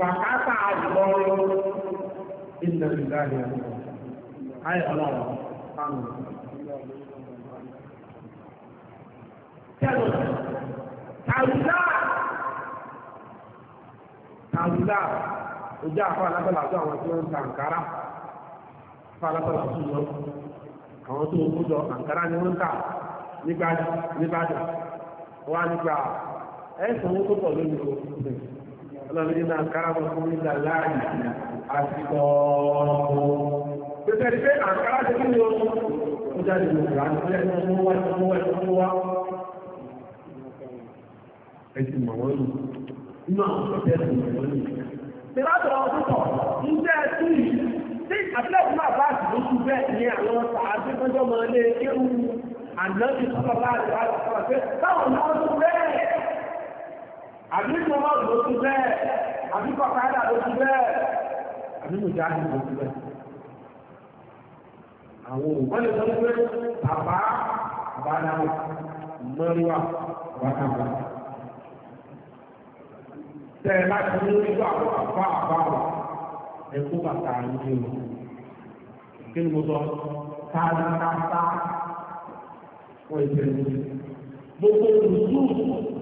pàkátà àgbọ̀rọ̀ ìdílé ìdáàdì àgbọ̀rọ̀ ayé ọlọ́run fáwọn tẹ́lọ̀ tàwùdá tàwùdá ojú àfa alábẹ́lá tó àwọn tí wọ́n ń ta àǹkárá fa alábẹ́lá tó lọ àwọn tó ń kó jọ àǹkárá ni wọ́n ń ta nígbàdàn wọ́n á nígbà ẹ̀sùn owó tó pọ̀ lórí ọ̀pọ̀ ọlọ́run náà káràmọ̀ fún nígbà láàyè àti ọ̀ọ̀ọ̀ pẹ̀lú pé àkàrà tó kí ni ó ń jáde lòdì àti ẹ̀sùn owó ẹ̀sùn owó ẹ̀sùn owó wá ẹ̀sùn mọ̀ wọ́n lù inú àwọn tó tẹ́ ẹ̀sùn mọ̀ wọ́n lù. tìrátọ̀ ọ̀tún pọ̀ ń jẹ́ ẹ̀sùn yìí tí àtìlẹ́sùn náà bá sì lóṣù bẹ́ẹ̀ àbí tòmọ́ ló ti bẹ́ẹ̀ àbí kọ̀kadà ló ti bẹ́ẹ̀ àbí mùjáde ló ti bẹ́ẹ̀. àwọn òwò lè sọ pé bàbá àbádáwò mọ́ríwá wákàtà. tẹ́ ẹ bá ti ní ojú àwọn àbá àbáwò ẹ kó bàtà yìí o. kí ni mo sọ? tààtàtà wọ́n ìbẹ̀rù gbogbo olùdókòwò.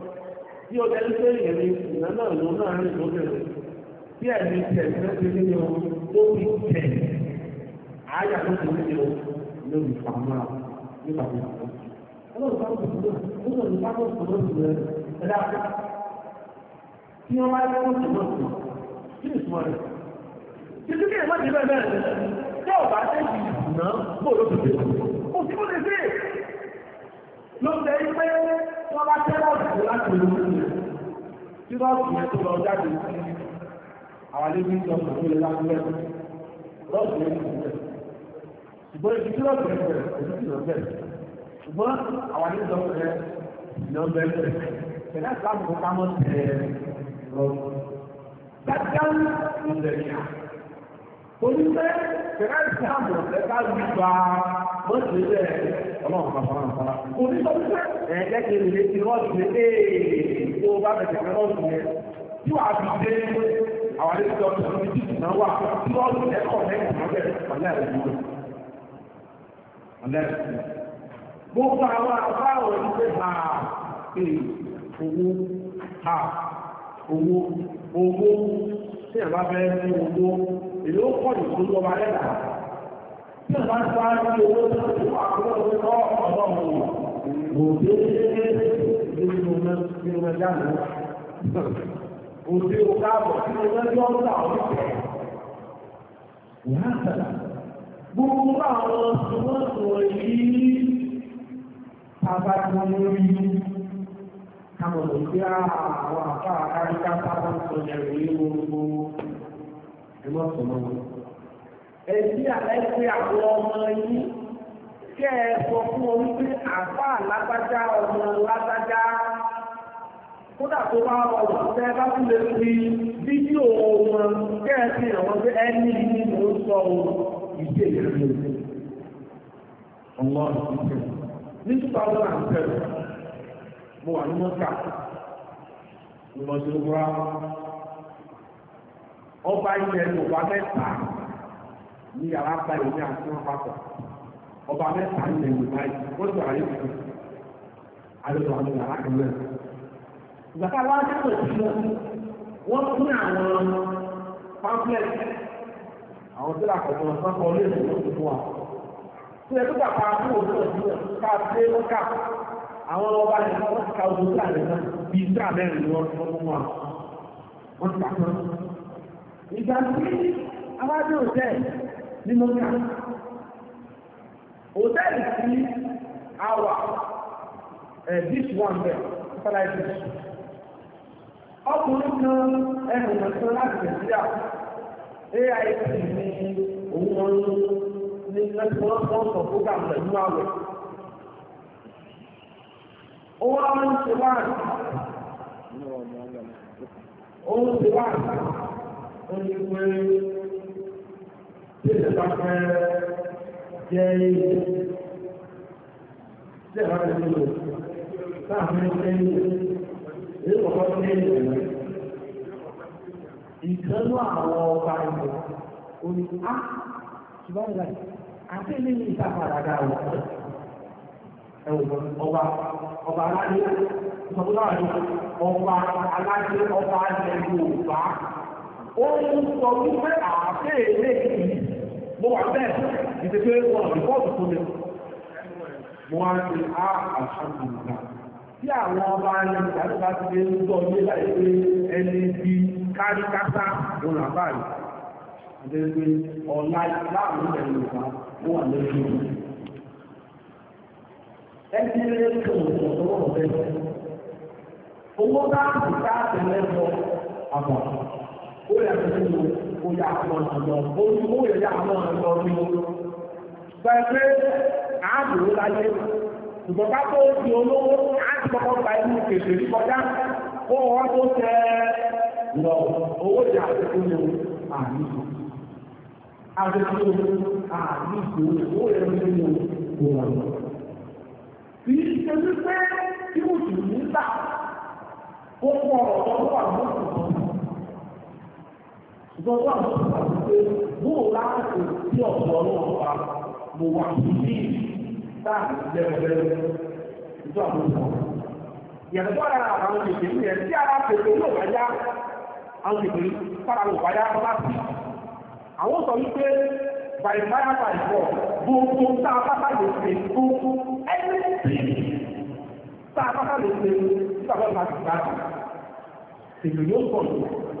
tí ó jẹ́ pé èèyàn ní ìgbà náà ló náà rìn lókè rẹ̀ tí ẹ̀mí tẹ̀ lẹ́sẹ̀ nínú ó fi tẹ̀ àáyà tó ti ní o lórí ìfàmọ́ nípa ìgbà ọlọ́run bá wọ́n sọ̀rọ̀ ó sọ̀rọ̀ bá wọ́n sọ̀rọ̀ sọ̀rọ̀ ẹ̀dá wọ́n bá yẹ wọ́n kí ni ìtumọ̀ rẹ̀? títí kí ìwádìí bẹ́ẹ̀ bẹ́ẹ̀ ló jẹ́ pé wọ́n bá tẹ́ lọ́sùn láti lò ó tí lọ́sùn yẹn tó lọ jáde sí àwọn alébí sọ fún ilé láti lẹ́nu lọ́sùn yẹn kò bẹ̀rẹ̀ ṣùgbọ́n ibi tí lọ́sùn yẹn bẹ̀rẹ̀ kò sí lọ bẹ̀rẹ̀ ṣùgbọ́n àwọn alébí sọ fún yẹn lọ bẹ̀rẹ̀ tẹ̀lé ìsìlámù kò ká mọ́ tẹ̀ lọ́sùn. Dájá ń lọ bẹ̀rẹ̀ torí pé kẹ̀kẹ́ ìsìlámù ẹ̀ka gbígba mọ́tì rẹ̀ ọlọ́run kàfàrà nǹkan. kò ní sọ pé ẹ̀ẹ́dẹ́ kiri lè ti rọ́ọ̀tì lé ee tó o bá bẹ̀rẹ̀ kẹ̀kẹ́ rọ́ọ̀tì yẹn tí wàá fi dé àwọn àdéhùn tó ti fi jù náà wà tí rọ́ọ̀tì ẹ̀kọ́ mẹ́rin kan bẹ̀rẹ̀ ọ̀lẹ́ rẹ̀ dúró. ọ̀lẹ́ rẹ̀ dúró. gbogbo àwọn àbáwọ̀ ní pé ha ee owó ha owó owó tí ẹ̀ bá fẹ́ ní owó èló pọ̀ jù tó lọ́ba lẹ́ta tí wọ́n bá ń sá ní owó tó wà kúrò ní kọ́ ọ̀dọ́ mi kò dé nínú nínú ẹja mi kò dé o káàbọ̀ sí ní ẹjọ́ ń tà ọ́ gbogbo àwọn ìwọ̀nsọ̀ yìí abájọ́ lórí káwọn òṣèré àwọn àbá àkáríká sábà ń sọ ẹ̀rọ gbogbo ẹ má sọ mọ́ wọn. ẹbí àlẹ́sẹ̀ àwọn ọmọ yìí kẹ́ ẹ sọ fún ọ wípé àfa lágbájá ọmọ lágbájá kódà tó bá ọ̀rọ̀ tẹ́ bá tún lè fi fídíò wọn kẹ́ ẹ fi hàn wọ́n pé ẹni ní mò ń sọ ohun ìdí èyí rẹ̀ ọmọ ìfẹ́ ní two thousand and seven mo wà ní mọ́ta mo lọ sí ọgbọ́n ọba ilẹ̀ yorùbá mẹ́ta ní yàrá ta ìwé àti wọn ọba mẹ́ta ilẹ̀ yorùbá yìí wọ́n ti wà lẹ́yìn àlejò àwọn yàrá kan náà. ìgbàta wá dẹ́kun sí lọ wọ́n tún àwọn pamphlet àwọn tí làkọ̀tọ̀ náà sáfọ̀ lé ìlú fún wa. tí ẹ tó bàbá àbúrò náà sí ká dé ó kà àwọn ọba yẹn wọ́n ti ka ojú sí àlẹ́ bíi sí àmẹ́rin ni wọ́n fún wa. wọ́n ti kà fún wa ìgbà tí a bá dé hòtẹ́ẹ̀lì ní mọ́kà hòtẹ́ẹ̀lì tí a wà eh, this one bẹ̀ sáláìsì ọkùnrin kan ẹnu mọ̀tún láti nàìjíríà AIC ní òun wọn ní lẹ́gbọ́n sọ fúgà pẹ̀lú àwẹ̀ ó wá ń ṣe wáàdì ó ń ṣe wáàdì ó ní pé ọba aláàdé ọba aláàdé ọba ọba ó ń sọ wípé àáfẹ́ ilé yìí mo wà bẹ́ẹ̀ ìdèkè wọn rìpọ́ọ̀tù fún mi mo wá ní a àṣàmùlà tí àwọn ọba ẹni ìdájọ́ bá ti lè ń sọ ilé láì pé ẹni bí káríkátá òun àbá yìí àdéhùn ọ̀la láàrin ilẹ̀ Yorùbá ó wà lójú ìlú ẹni ilé tó ń sọ tó wọ́n bẹ́ẹ̀ owó bá ń bùkátà lẹ́sọ̀ àbọ̀ ó yà tó tó kó yà mọ́ ọ̀dọ́ ó ní ó yà ní o. láyé ṣùgbọ́n ká tó di olówó kọ́kọ́ gba inú kèsè ní kọjá kó wọ́n tó tẹ lọ owó àmì àmì owó Kì í ṣe wípé lọ́wọ́ àwọn ọ̀pọ̀ pé bó o láti tí tí ara yá àwọn fara yá bá sí. Àwọn sọ wípé gbogbo tá a lè gbogbo ẹni tá a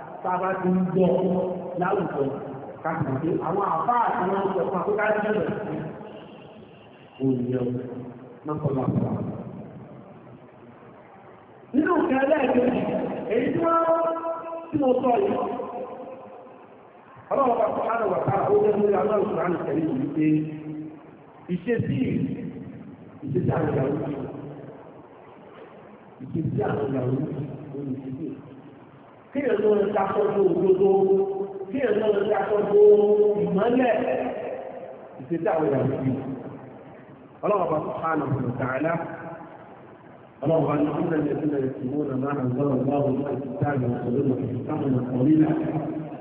sábà ti ń gbọ́ láwùjọ káàkiri àwọn àbá àti wọn sọ fún akókò àti ẹ̀rọ sí òye ọ lọ́kọ̀lọ́ nínú nǹkan ẹlẹ́ẹ̀kejì èyí tí wọ́n tí mo sọ yìí ọlọ́run bá fún àrùn wàtá ó jẹ́ lórí aláwọ̀ sọ̀rọ̀ àrùn tẹ̀lé yìí pé ìṣesí ìṣesí àwọn ìyàwó ìṣesí àwọn ìyàwó ìṣesí kí èso ń takọ́jú òdodo kí èso ń takọ́jú ìmọ́lẹ̀ ìṣètò àwọn ìyàwó yìí ọlọ́wọ́ bá tó hàn àwọn ọ̀tàlá ọlọ́wọ́ bá ní ọ̀nà ìṣẹ̀lẹ̀ ìṣẹ̀wọ́n náà máa ń gbọ́dọ̀ lọ́wọ́ ní ìṣẹ̀lẹ̀ ìṣẹ̀lẹ̀ ìṣẹ̀lẹ̀ ìṣẹ̀lẹ̀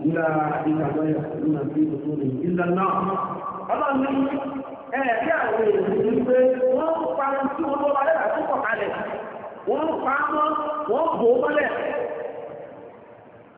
ilá ìgbàgbọ́ ìṣẹ̀lẹ̀ sí ìṣòro ìlà náà ọlọ́ni ẹ̀ẹ́dẹ́ àwọn èèyàn ní pé wọ́n pa ohun tí wọ́n lọ́wọ́ alẹ́ àtúkọ̀ kalẹ̀ wọ́n pa wọ́n wọ́n bò ó mọ́lẹ̀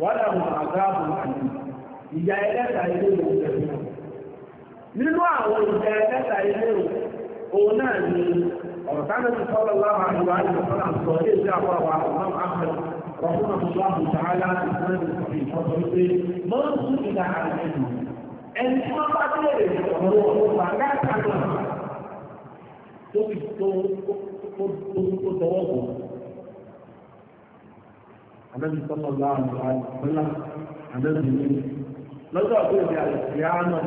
wọ́dà wọn àgbáàbò àti ìyá ẹlẹ́ta ilé ìwọ̀n tẹ̀lé wọn. nínú àwọn ìyá ẹlẹ́ta ilé òun náà ni ọ̀tánà ti sọ́lọ́ láwọn àjọ àjọ sọ́nà sọ ilé ìṣẹ́ àwọn àwọn àwọn àmọ́ rọ̀fún àtúnṣe ìtàhálà ìfúnni ìfọ̀tọ̀ ẹni tí wọ́n bá tẹ̀lé ọ̀rọ̀ ọ̀gbà láti àná tó fi tó tó tó tọwọ́ bọ̀ عدد صلى الله عليه وسلم عدد من لو تقول في القيامة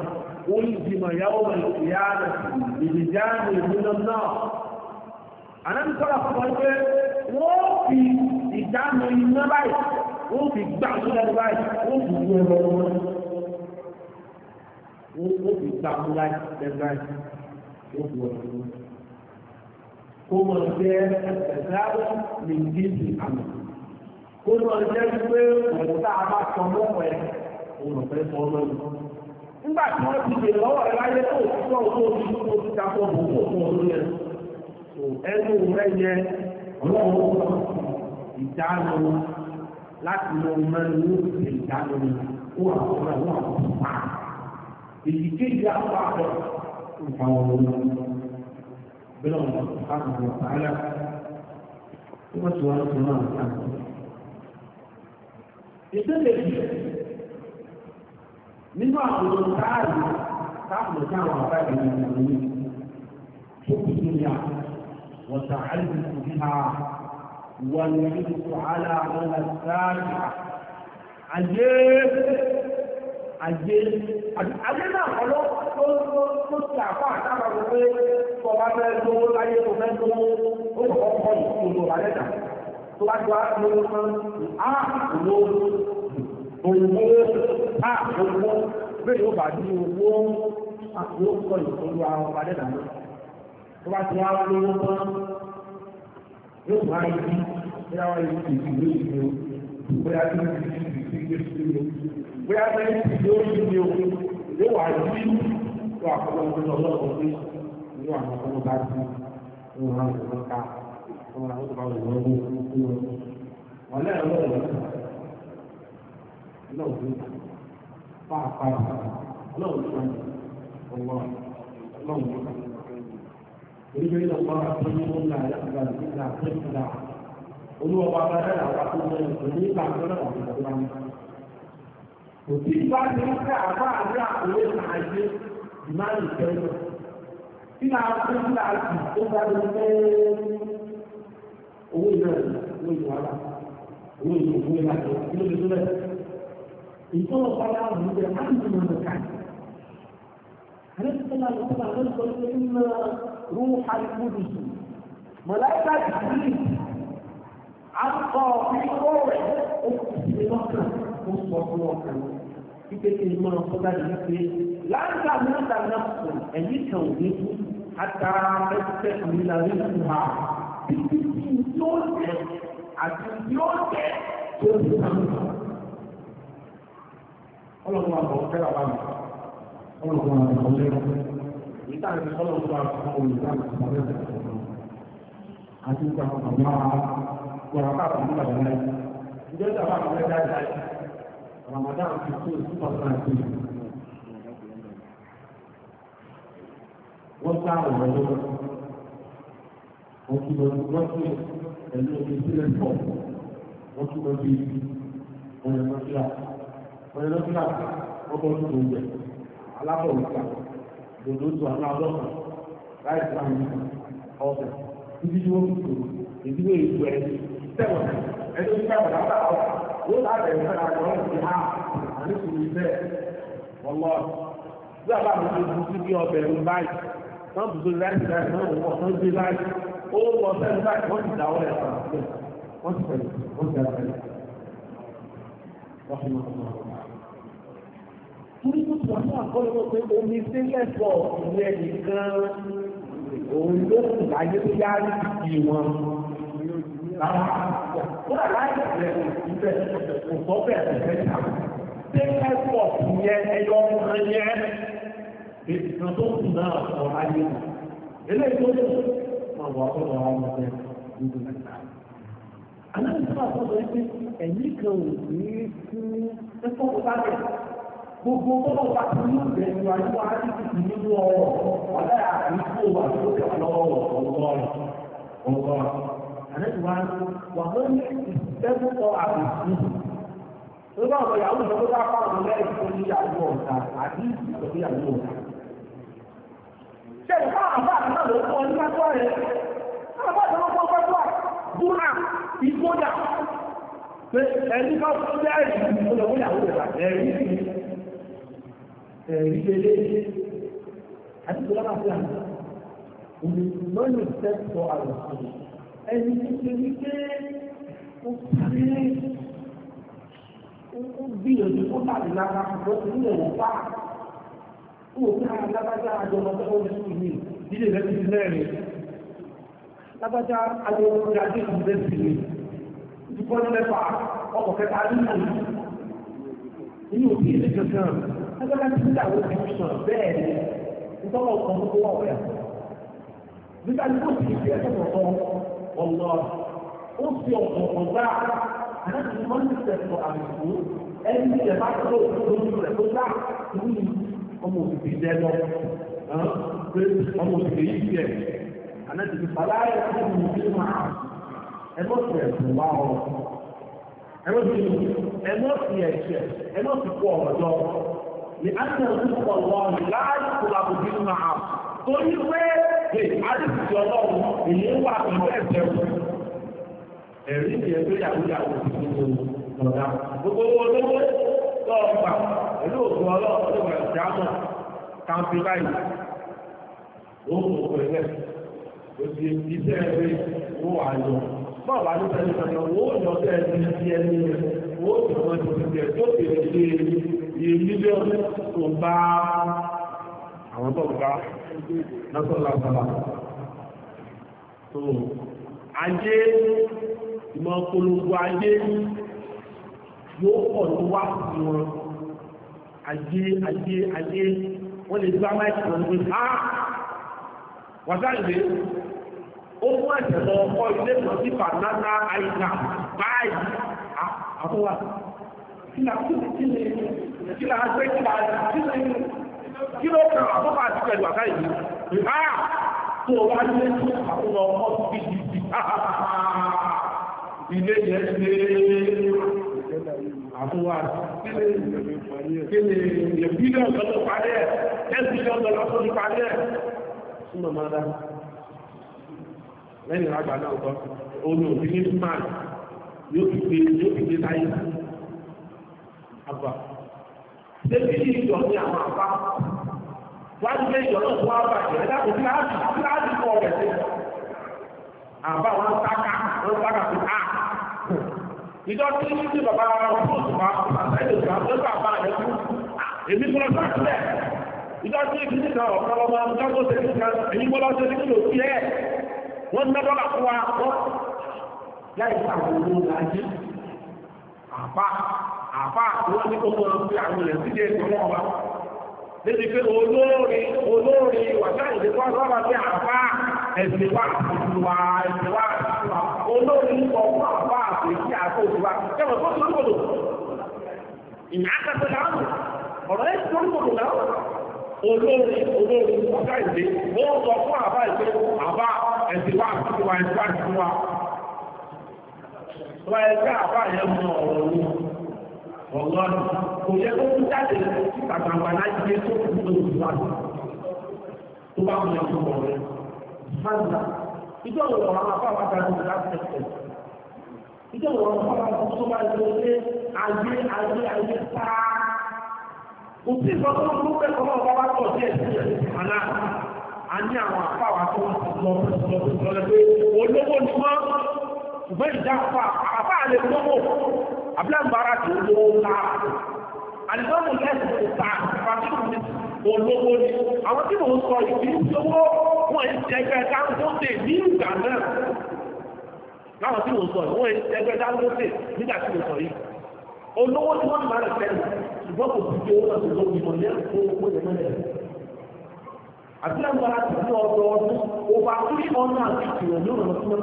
ألزم يوم القيامة بلجان من النار أنا مثلا قلت وفي إدام النبي وفي بعض النبي وفي يوم وفي بعض النبي وفي يوم كما جاء التزاوج من جنس العمل kó lọ jẹ́ pé òun tá a ẹ̀ òun sọ lọ́wọ́. nígbà tí wọ́n ti dè lọ́wọ́ ẹ̀ láyé tó òtítọ́ owó omi ti ta fọ́ bò fún orí ẹ̀. ẹnu rẹ̀ yẹ ọlọ́wọ́ ìdánu láti lọ mẹ́rin ní ìdánu wà fún àwọn àwọn pa. èyí kéjì àpapọ̀ nǹkan ọ̀rọ̀ بلغنا سبحانه وتعالى ومسوى رسول الله سبحانه وتعالى ìbéèrè yìí nínú àwùjọ táàrí táàmù tí àwọn àbá ìrìn àjò ní tó kù sí ìyá wọ́n ta àìsí kù sí ha wọ́n ní kò àlà àwọn àtàrí àjẹ́ àjẹ́ àjẹ́ náà kọ́ tó ti àpá àtàrà rẹ̀ pé kọ́ bá fẹ́ tó fẹ́ ó kọ́ ìṣòro àlẹ́dàá tó bá ti wá lówó tán á owó owó á owó bẹ́ẹ̀ yóò bá ní owó àkókò sọ ìṣòro àwọn ọba dẹ́dà náà tó bá ti wá lówó tán yóò wá ibi bóyá wá ibi ìdílé ìdílé bóyá tó ń fi ìdílé ìdílé bóyá tó ń fi ìdílé ìdílé yóò wá ibi tó àkọ́kọ́ ń tọ́jú ọlọ́run pé yóò àwọn ọmọ bá ti ń wá ìwọ́n ká. ورحمة الله وبركاته ولا bá bá dára wà tó lọ ìpínlẹ̀ máa yé ìmáà ìfẹ́ lọ. tó bá lọ fẹ́ẹ́ owó iná rẹ̀ owó ìlú ara owó ìlú òkú ìlà rẹ̀ kí ló lè tó bẹ́ẹ̀. ìtọ́wọ̀ padà àrùn jẹ́ àrùn mọ̀ nìka. àrẹ́sì tẹ́lá ló tẹ́lá ló sọ pé ń na rú àìkúdù sùn. mọ̀láìkà jìbìlì akọ ìkọ́ rẹ̀ ó yìí pé láńkà mẹ́ta náà ẹ̀yìn kan ò ní kú àtàrà ẹ̀sẹ̀ ìlànà ìfúnra títí tí yóò jẹ àti yóò jẹ tó ti sáré lọ. ọlọ́run wa bọ̀ fẹ́ràn bá mi ọlọ́run wa bọ̀ lẹ́rọ nígbà tí ọlọ́run wa bọ̀ olùdá ìgbàlẹ̀ àti ìgbà bàbá wàrà bá bàbá bàbá rẹ̀ ìjọba bàbá bàbá rẹ̀ dáadáa Ramadan ti tó ìsúpọ̀ fún àti wọ́n sáà wọ̀ lọ́wọ́ wọ́n tún lọ sí lọ́sẹ̀ pẹ̀lú omi sílẹ̀ pọ̀ wọ́n tún lọ sí ọ̀yẹ̀ lọ́sílà ọ̀yẹ̀ lọ́sílà wọ́n bọ́ sínú ọ̀gbẹ̀ alábọ̀wùsà dòdò tó àwọn ọlọ́pàá láì sí àwọn ọ̀sẹ̀ títí tí wọ́n fi tòrò ìdílé ìlú ẹ̀ tẹ̀wọ̀n ẹni tó ń bá bàbá bá ọ̀ yóò láti ẹ̀rọ àgbọ̀ ọ̀sẹ̀ ha àní sùn ìfẹ́ ọlọ́ bí àbá mi ti bu sí bí ọbẹ̀ ẹ̀rù báyìí wọ́n bù sórí láti dáhùn náà wọ́n gbé láyìí ó wọ sẹ́nu báyìí wọ́n ti dáwọ́ ẹ̀ sọ̀rọ̀ sílẹ̀ wọ́n ti pẹ̀lú wọ́n ti dára pẹ̀lú. wọ́n fi mọ̀ ọ́n. torí tuntun àti àkọlù náà pé omi sí lẹ́sọ̀ ìyẹn nìkan òun ló kù láyé tó yá ìdí wọn. Kódà láyé ìbẹ̀rẹ̀ ìbẹ̀rẹ̀ kò sọ bẹ́ẹ̀ ìbẹ̀rẹ̀ ta. Ṣé ẹyọ ọkùnrin yẹn? Èsì kan tó kù náà ọ̀rọ̀ ayé. Eléyìí tó kù ọwọ́ gbogbo ọgbọ́n bá ti ní ìbẹ̀ ní wájú wa ti ti ti nínú ọ̀rọ̀ wàlá tó kẹwà lọ́wọ́ ọgbọ́n ọgbọ́n àdẹ́tùwá wà lórí ìtẹ́kùtọ̀ àbùkù nígbà wọn yàwó ìjọba bá fáwọn lẹ́yìn tó ní ìyàwó ọ̀tá àti ìjọba ìyàwó ọ̀tá. ṣé kódà pé ẹni bá fún bẹ́ẹ̀rì olùwúyàwó rẹ̀ ẹ̀rí ẹ̀rí lélẹ́ àti tó lọ́nà fún àná olùlọ́nà ìtẹ́kọ̀ọ́ àlùfáà ẹni tó ṣe wípé ó parí ó gbìyànjú ó tàbí lára àbọ̀ sílẹ̀ wọ́n pa ó ká lábájá àjọmọ́tò ọ̀rẹ́sùn mi nílé rẹ̀ ti lẹ́rìn lábájá àjọmọ́tò ọ̀rẹ́sùn mi bọ́dún mẹ́fà ọkọ̀ kẹta nínú inú òbí ìlú kankan agbára ti nílẹ̀ àwọn òbí sàn bẹ́ẹ̀ ni nítorí ọkọ̀ ń kó ọ̀rẹ́ nígbà tí ó ti fi ẹsẹ̀ kọ̀ọ̀kan ọ̀nà ó fi ọ̀pọ̀ ọ̀gbá àti mọ́tìsẹ̀ fún àbùkù ẹni tí ẹ̀fà tó lójú rẹ̀ tó dá ọmọ òbí yìí jẹ́ àná ti fi pàdánù ẹ̀kọ́ ìlú ẹmọ́sì ẹ̀sùn wá ọ̀rọ̀ ẹmọ́sì ẹmọ́sì ẹ̀sẹ̀ ẹmọ́sì kú ọ̀rọ̀ jọ ní àtẹ̀sùn pọ̀ lọ́wọ́ láàrín kò làbùdí máa torí pé àdìsí ọlọ́run èyí wà pẹ̀lú ẹ̀sẹ̀ ẹ̀rí ni ẹgbẹ́ ìyàwó ìyàwó ìdílé ọ̀dà gbogbo owó olówó lọ́ọ̀pà pẹ̀lú òkú ọlọ́run tó wà ìdámọ̀ káńpì báyìí ó kò pẹ̀lẹ́ òsì ìṣẹ́ ẹgbẹ́ owó àjọ máa wà ní sẹ́ni sọ̀rọ̀ wo yọ sí ẹni tí ẹni rẹ̀ wo sì mọ ní ìgbẹ́ tó ti lè ṣe iye mílíọ̀nù tó bá àwọn tó bá lọ́sọ̀lá sábà. Ajé ìmọ̀ polongo ajé yóò pọ̀ ní wá sí wọn. Ajé ajé ajé wọ́n lè gbá máìkì wọn pé, "Ah! Wàtá ìgbé, ó mú ẹ̀jẹ̀ lọ ilé kan sí banana island báyìí àfọwà kí la kí ni kí ni kí la kí la kí ni kí ló kàn àfọwà àti pẹ̀lú àká yìí rìbá tó o wá kí kí ni ìyẹn bílíọ̀nù lọ́dọ̀ parí ẹ̀ ten súnmọ̀ máa dáa lẹ́yìn àgbà náà kọ́ òun ò sí ní smart yóò fi gbé yóò fi gbé táyé àgbà. Débi ní ìjọ ní àwọn àbá wá ní ilé ìjọ náà tó wá bàjẹ́ ẹ̀dá kò kíláàsì kíláàsì kọ̀ rẹ̀ sí. Àbá wọn sáká wọn sáká sí á. Ìjọ tí ní ti bàbá wọn fún òṣùpá àtàlẹ́ òṣùpá tó bàbá rẹ̀ fún. Èmi kọ́ lọ sáà sílẹ̀. Ìjọ tí ní ti ní kan ọ̀pọ̀lọpọ̀ ọmọ ọmọ ọmọ ọmọ ọmọ ọmọ ọmọ ọmọ ọmọ ọmọ wọ́n ná dọ́là fún wa kọ́ láì sàwọn olówó láyé àpá àpá wọ́n ní kókó ọ̀rọ̀ sí àwọn ilẹ̀ sí jẹ́ ìtọ́lọ́ wa débi pé olóòrè olóòrè wàtá ìdíkọ́ lọ́wọ́ sí àpá ẹ̀sìn wa ìlú wa ẹ̀sìn wa olóòrè ń àpá àpè sí àpò òṣù wa kẹwàá tó tó lóòrò ìyá tó lóòrò láwọn olóòrè olóòrè wàtá ìdí sọ fún àbá ìpé àbá ẹ̀sìn wà fún wa ẹ̀sìn wà fún wa wọ́n ẹgbẹ́ àbá yẹn mọ ọ̀rọ̀ wọn ọ̀gbọ́n kò yẹ kó kú jáde tàbàbà láti yẹ tó kú tó kú wà tó bá wọn ẹ̀sìn wọ̀ rẹ̀ fáńdà ìjọ òwò àwọn afọ àwọn àgbàdo láti ẹ̀sẹ̀ ìjọ òwò àwọn afọ àwọn àgbàdo tó bá yẹ pé ayé ayé ayé sáà kò sí ìfọwọ́sowọ́pẹ́ kọ́mọ́ ọ̀gá bá tọ̀ sí ẹ̀sìn àná a ní àwọn àfáwà tó lọ pé olówó ni wọ́n ṣùgbọ́n ìjà àfà àfà lè lówó abúlágbára tó lówó ńlá àdìsọ́nù lẹ́sìn tó ta fàṣíkù ní olówó ni àwọn tí mò ń sọ ìdí lówó wọ́n ń jẹgbẹ́ Dangote ní ìgbà náà láwọn tí mò ń sọ yìí wọ́n olówó tí wọ́n máa rẹ̀ tẹ́lẹ̀ ṣùgbọ́n kò sí owó náà tó lówó ìmọ̀ lẹ́rù tó owó ìmọ̀ àti lágbára ti fún ọdọọdún ọba tó ní ọ̀nà àti ìrìn ní ọ̀nà tó ká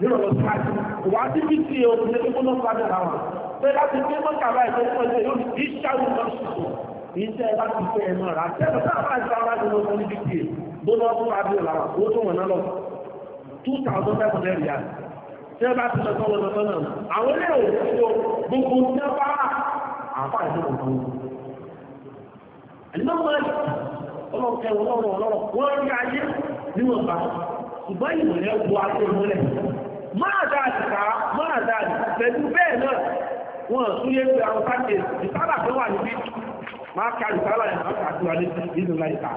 ní ọ̀nà tó ká sí ọba tí bí ti o ti lẹ́kọ́ náà padà láwà bẹ́ẹ̀ láti gbé mọ́ta báyìí tó fún ẹgbẹ́ yóò fi ṣáwó lọ sọ̀tọ̀ iṣẹ́ láti fẹ́ ẹ̀ náà rà tẹ́lẹ̀ tá a bá ti ara ní ọdún níbi tí bóná fún adé làwà ó tó wọn náà lọ two thousand five hundred yard tí ẹ bá ti lọ sọ́wọ́ lọ́sọ́ náà àwọn ilé òṣèlú gbogbo ní ẹ bá àfáà ìṣòro kan ọlọ́run kẹwọ́ lọ́rọ̀ ọlọ́rọ̀ wọ́n rí ayé níwọ̀n bá ṣùgbọ́n ìmọ̀lẹ́ bu ayé múlẹ̀ máa dáàdì ká máa dáàdì pẹ̀lú bẹ́ẹ̀ náà wọ́n tún yé pé àwọn sáàkè ìsára tó wà níbí máa ka ìsára yẹn máa kà síwájú nínú láì ká.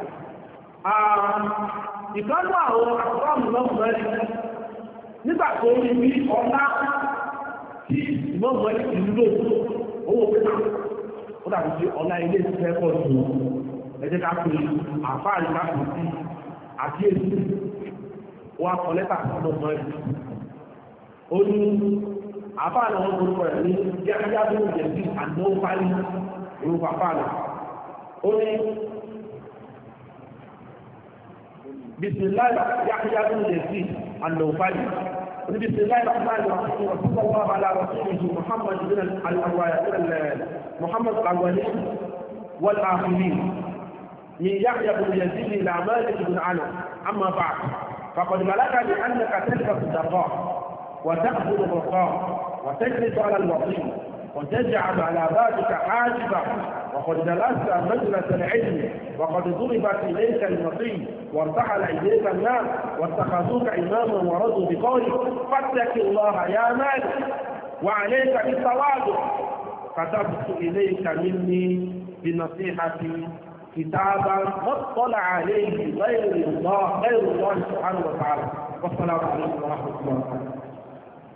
ìkánú àwọn akọ́ọ̀mù lọ́mọ̀ọ́lì nígbà tó ń rí ọlá tí ìmọ̀ọ́mọ̀ọ́lì ìlú lò ó wò pé ó dàbí ọlá ilé ìfẹ́ pọ̀ jù ẹjẹ́ ká pè àfáà yìí ká pè sí àti èsì wa kọ lẹ́tà lọ́mọ ẹ̀ ó ní àfáà náà wọ́n gbọ́dọ̀ rẹ̀ ní yáyá tó ń jẹ̀ sí àdóńpáyé ìlú àfáà náà ó ní bisimilayi yáyá tó ń jẹ̀ sí àdóńpáyé ó ní bisimilayi rahman rahim wa sallallahu ala rasulihi muhammad bin al-awwal muhammad al-awwal wal-akhirin من يحيى بن يزيد إلى مالك بن أنس أما بعد فقد بلغني أنك تلبس الدقاء وتأخذ الرقاء وتجلس على الوطين وتجعل على بابك حاجبا وقد جلست مجلس العلم وقد ضربت إليك المطي وارتحل إليك الناس واتخذوك إماما ورضوا بقولك فاتق الله يا مالك وعليك بالتواضع كتبت إليك مني بنصيحتي كتابا مطلع عليه غير الله غير الله سبحانه وتعالى والسلام عليكم ورحمة الله وبركاته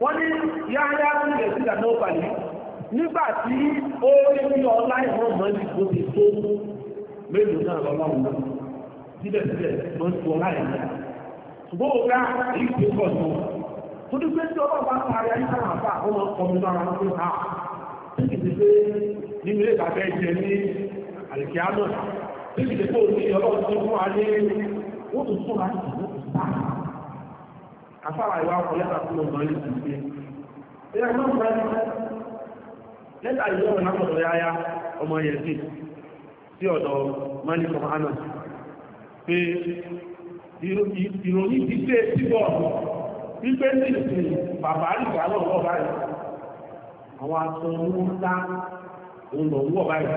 wọ́n ní yáyá ń lè sí ìdáná balẹ̀ nígbà tí ó rí ní ọlá ìwọ̀n mọ́ ní kó ti tó mélòó náà lọ́lọ́run náà síbẹ̀síbẹ̀ ló ń tu ọlá ìwọ̀n ṣùgbọ́n ó rá èyí pọ̀ tó tó dúpẹ́ tí ọlọ́run bá parí ayé sára àpá àwọn ọmọ ọmọ ha tí kìí ṣe pé nínú ìgbàgbẹ́ jẹ ní àlìkíá náà bí ìdìbò òní ọlọ́run tó fún wa ní ó tún fún wa ní àfáà ìwà ọkọ̀ lẹ́tà fún ọmọ ilé ti ṣe ẹ̀yà náà fún ẹni lẹ́tà ìwé ọ̀nà ọ̀dọ̀ yáyá ọmọ yẹn sí sí ọ̀dọ̀ mani from anna pé ìròyìn ti ṣe síbọ̀ wípé ní ìsìn bàbá àríkà lọ́wọ́ báyìí àwọn aṣọ owó ńlá òun lọ́wọ́ báyìí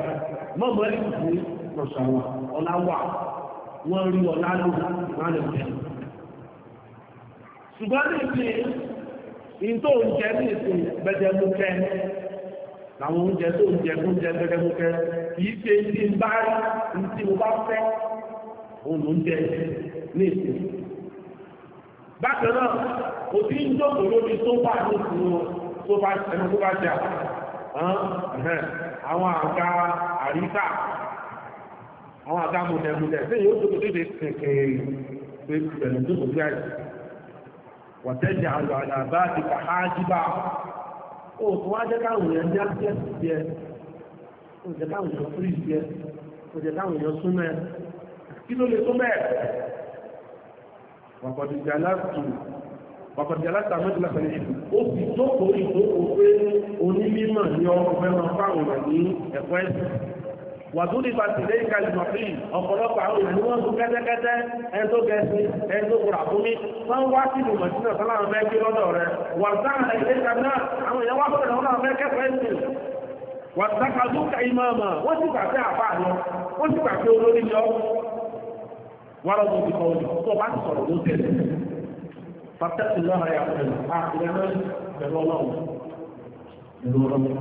mọ́mọ́ ní ìsìn ọ̀sán wa ọlá wà wọ́n rí ọlá lò wọ́n lè jẹ́ ṣùgbọ́n ní ìsìn ìtò oúnjẹ ní ìsìn gbẹdẹmúkẹ làwọn oúnjẹ tó oúnjẹ oúnjẹ gbẹdẹmúkẹ kìí ṣe ní bá rí tí mo bá fẹ́ òun oúnjẹ ní ìsìn bákan náà kò sí ń jókòó lórí tó bá ní ìsìn tó bá ẹnu tó bá jà àwọn àga àríkà àwọn àgámù nẹ̀mùlẹ̀ tí yóò tókò tó dé kèkèrè pẹ̀lú tó kò tó àjì wọ̀tẹ́jẹ̀ àlọ́ àdàbá ti kà á jíbá ó tó wá jẹ́ káwọn já jẹ́ jẹ́ ó jẹ́ káwọn èèyàn fúrí jẹ́ ó jẹ́ ìlú ó fi tó kò ìtókò pé onímọ̀ ní ọkọ̀ fẹ́ràn ní ẹ̀kọ́ ẹ̀sìn wàdúrí pàtìlẹ́ ìkàlùmọ̀fì ọ̀pọ̀lọpọ̀ àwọn ìlú wọn tún kẹ́tẹ́kẹ́tẹ́ ẹn tó gẹ̀ẹ́sì ẹn tó kura fún mi wọ́n wá sí ìlú mọ̀tínà sọ́lá àwọn ẹgbẹ́ gbé lọ́dọ̀ rẹ̀ wàdúrà ilé kanáà àwọn èèyàn wá fún ìlú àwọn ẹgbẹ́ kẹfẹ́ sí wàdúrà lókà ìmọ̀ọ̀mọ̀ wọ́n sì gbà pé àbá lọ wọ́n sì gbà pé olórí lọ wọ́n lọ́dún ti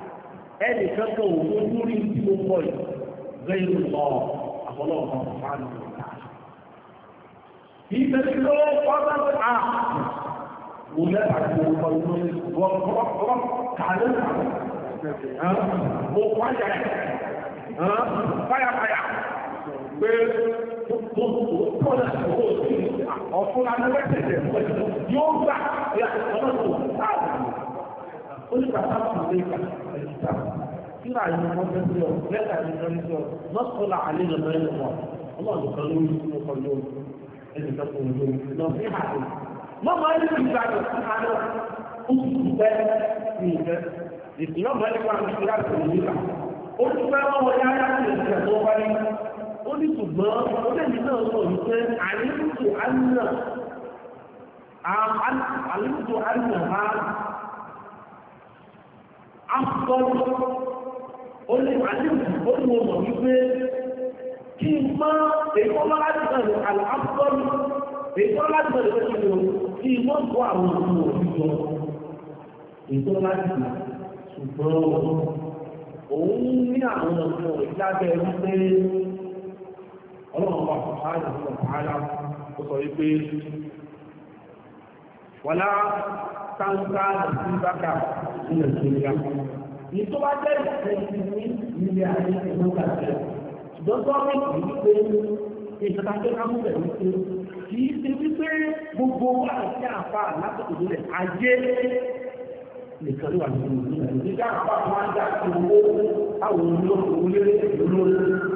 ẹnì kankan ò tó lórí tí mo kọ yìí gbẹ́rù lọ àfọlọ́ọ̀kan fáàlì ìta. Ìtẹ̀lẹ́ ló pátá à wò lẹ́ta tí mo kọ yìí wọ́n kọ́ kàlẹ́ mo pàjá fáyàfáyà pé tó tó lẹ̀ owó sí ọ̀fun lánàá lẹ́sẹ̀ yóò gbà ọ̀nà tó sáà ó ní bàbá àmàlẹ́kà ẹ̀kíta kíra yìí wọ́n fẹ́ sí ọ lẹ́tà yìí wọ́n sí ọ lọ́sọ̀lá àlẹ́ lọ́mọ ẹ̀ lọ́mọ ọlọ́run kan ló ń mú ọkọ lóhùn ẹ̀sìn tó kún lóhùn lọ sí àlè mọ́mọ́ ẹ̀ ti gbà lọ sí àlọ́ ó ti kú bẹ́ ní ìfẹ́ ìpínlẹ̀ mọ́ ẹ̀ wà ní ìlà tó ní ìlà ó ti fẹ́ wọ́n wọlé ayé àti ìṣẹ̀ afọ́lọ́ ó lè àdéhùn ó ní ọmọ wípé kí n má èkó má láti bẹ̀rẹ̀ àlọ́ afọ́lọ́ èkó láti bẹ̀rẹ̀ pẹ̀lú ìlú kí n má kó àwọn òkú òbí jọ èkó láti bẹ̀rẹ̀ ṣùgbọ́n òun ní àwọn ọ̀sẹ̀ ìjábẹ̀ wípé ọlọ́run bá fọ́ ààrẹ ọ̀sán ààrẹ ó sọ wípé wọ́lá táńtà àti bákà nílẹ̀ ìjọba. Ní tó bá jẹ́ ìfẹ́ ní ilé ayé ìlú kàtẹ́, ṣùgbọ́n tó wọ́n ti pé ìjọba tó ká mú bẹ̀ ní pé kì í ṣe wípé gbogbo wà sí àfà látọ̀kọ̀ lórí ayé nìkan ló wà nínú ìlú rẹ̀. Nígbà àpá tó máa ń dá sí owó àwọn olóòtú oléré olóró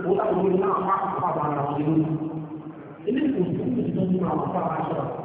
owó láwọn olóró náà pàpàpà àwọn ilé. Ilé ìkòsí ìjọba máa wà fáwọn aṣọ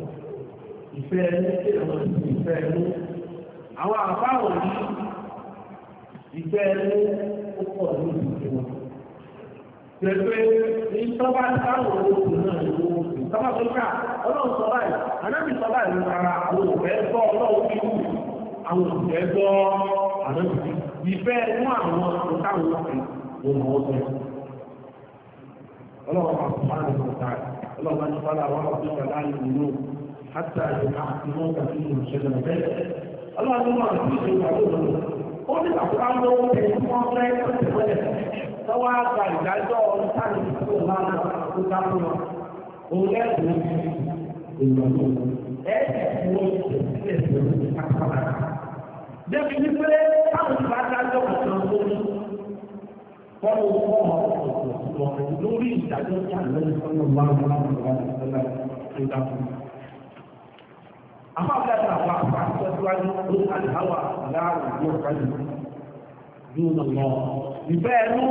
ìfẹ́ ẹni tí ìfẹ́ ẹni àwọn àbáwọ̀ yìí ìfẹ́ ẹni ó pọ̀ lórí ìfẹ́ wọn. Pẹ̀pẹ́ ní tọ́ba táwọn olóògùn náà ní olóògùn tọ́ba tó ká ọlọ́run sọ báyìí anábì sọ báyìí rárá àwọn òfẹ́ gbọ́ ọlọ́run bí wù àwọn òfẹ́ gbọ́ ìfẹ́ mú àwọn òtáwọn ló mọ̀ Ọlọ́run fún ọlọ́run àwọn hátà ìgbà àti wọ́n tàbí ìrìnṣẹ́lẹ̀ ọ̀fẹ́. ọlọ́run náà ti ṣe ìyàwó rẹ̀ ó ní àkókò àwọn ohun tẹ̀ tí wọ́n fẹ́ tẹ̀síwẹ́lẹ̀ lọ́wọ́ àgbà ìdájọ́ ọ̀run táàbí tó máa ń kó dáhùn wọn. òun lẹ́sìn ìgbàgbọ́ ẹ̀ẹ́dẹ̀ẹ́dẹ̀ wọ́n ti ṣe ìṣẹ̀lẹ̀ débi wípé táwọn ìgbà dájọ́ ọ̀sán ní fọ́nù fọ́ọ̀mù ọ̀sán lórí ìdájọ́ tí bá ń bá ń bá ń bá ń bá ń bá ń bá ń ń bá àmọ́ àbúlé àti àwọn àpá àtọ́síwájú ló ń kálí àwà láàrú yóò kájú yóò nà lọ. ìfẹ́ ẹnu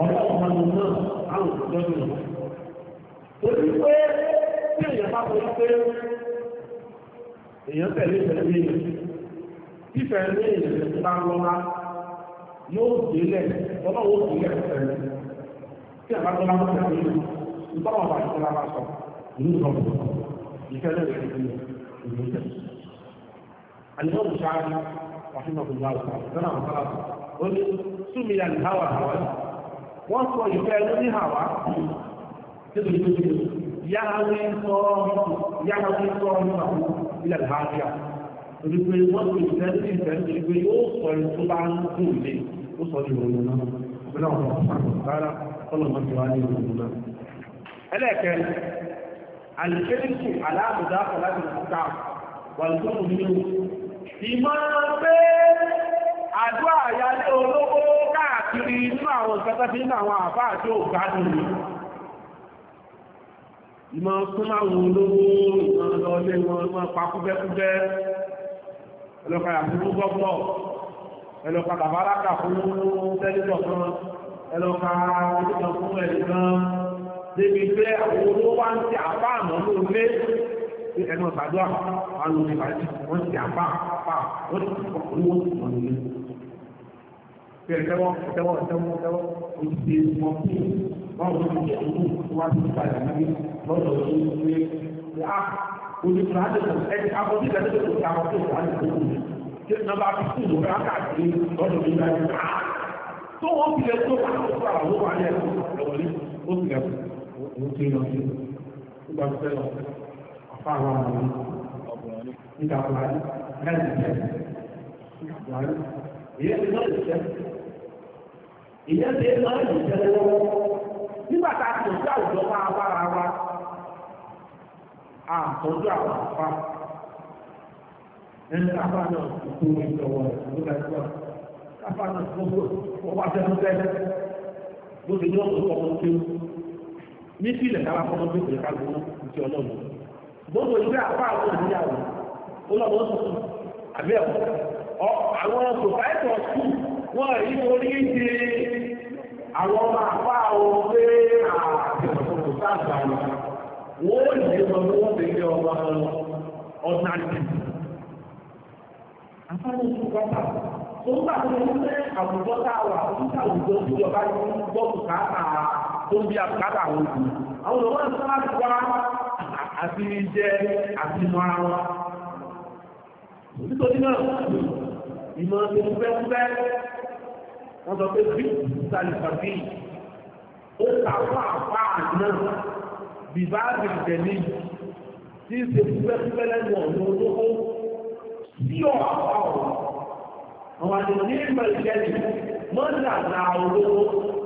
ọ̀rọ̀ ọmọdé náà àwọn òṣìṣẹ́ mi. torí pé tí èèyàn bá fojú pé èèyàn tẹ̀lé ìfẹ́ mi ìfẹ́ mi èèyàn bá ń lọ́la yóò délẹ̀ lọ́nà ó délẹ̀ ìfẹ́ mi. tí àbájọ́ máa ń tẹ̀lé ìfẹ́ mi ìfọwọ́ àbájọ́ máa sọ ìlú ìfọwọ́ ìfẹ́lẹ̀ ìfẹ́lẹ̀ ìgbésẹ̀. Àlùfáà Ṣáàrí Wàhímọ̀kùnlá ọ̀sán àwọn sára ó ní Súnmìyà ní Háwà Háwà. Wọ́n sọ ìfẹ́ ẹnu ní Háwà nínú ìlú Yáháwé sọ ọmọ àwọn ilẹ̀ Háàbíà. Orí pé wọ́n sọ ìfẹ́ sí ìfẹ́ sí pé yóò sọ ẹni tó bá ń gùn lé, ó sọ ní òun náà. Ìpínlẹ̀ ọ̀sán àwọn sára ọlọ́mọ ti wá ní òun náà. Ẹlẹ́ẹ̀kẹ́ àlùfẹ́lẹ́sì aláàbùdá fọlájú ìfúta wàlùfọ́nù nínú ìmọ̀ pé àdúrà àyálé olówó káàkiri inú àwọn ìfẹ́fẹ́fẹ́ nínú àwọn àfáà tí ó gbádùn ní fún gbọ́gbọ́ ẹlọ́kà bàbá débi pé àwọn olówó ń ti àbá àmọ́ ló lé sí ẹnu ọ̀sàdúrà wọn lò ní ìbàdí wọn ti àbá àpá wọn ti kọ olówó wọn lò lé. Bí ẹ tẹ́wọ́ tẹ́wọ́ tẹ́wọ́ tẹ́wọ́ òṣìṣẹ́ ìmọ̀ fún mi wọ́n wọ́n ti yẹ wá sí ìpàdé níbi lọ́dọ̀ òṣìṣẹ́ ìwé ah, ní a olùkọ́ àdéhùn ẹni abọ́dé ìdájọ́ tó ta ọkọ̀ wà ní ìlú mi. Ṣé nọ́mbà fífún ìlú káàkiri lọ́dọ̀ ìdájọ́ ah, tó wọ́n fi lè tó àwọn ọ̀pọ̀ àyẹ̀kọ́ lọ́wọ́lé ó sì lẹ́kọ̀ọ́ òun ti lọ sí a sì ń gbà òjò máa bára wa àtọ́jú àwọn àfa ẹni náà kò tó ìjọwọ́ rẹ̀ nígbà tó ọwọ́ àtẹnudẹ́ ti ní ọ̀pọ̀ ọmọ tó ní sí ilẹ̀ kára fọ́nà tó kìí kágbó ti ọlọ́run gbogbo ìgbé àpá àwọn ìgbéyàwó ọlọ́run tuntun àbí ẹ̀kọ́ àwọn sòfáìtọ̀ skul wọ́n rí orí ṣe àwọn ọmọ àpá àwọn pé àbẹ̀kọ̀ sáàgbà wọn wọ́n lè sọ pé wọ́n tẹ̀lé ń gbà tó ń tó ń bí àbùkátà àwọn òkú àwọn olùwọ́n ń sọ́lá ti wá àti jẹ́ àti mọ ara wọn nítorí náà ìmọ̀ tó ń fẹ́ fẹ́ wọ́n sọ pé bí sàlìfàbí ó kà fún àpá náà bìbá àgbègbè ní tí ń ṣe fúfẹ́fúfẹ́ lẹ́nu ọ̀nà olówó sí ọ̀pá ọ̀rọ̀ àwọn àdìmọ̀ ní ìgbà ìṣẹ́lẹ̀ mọ́tà náà olówó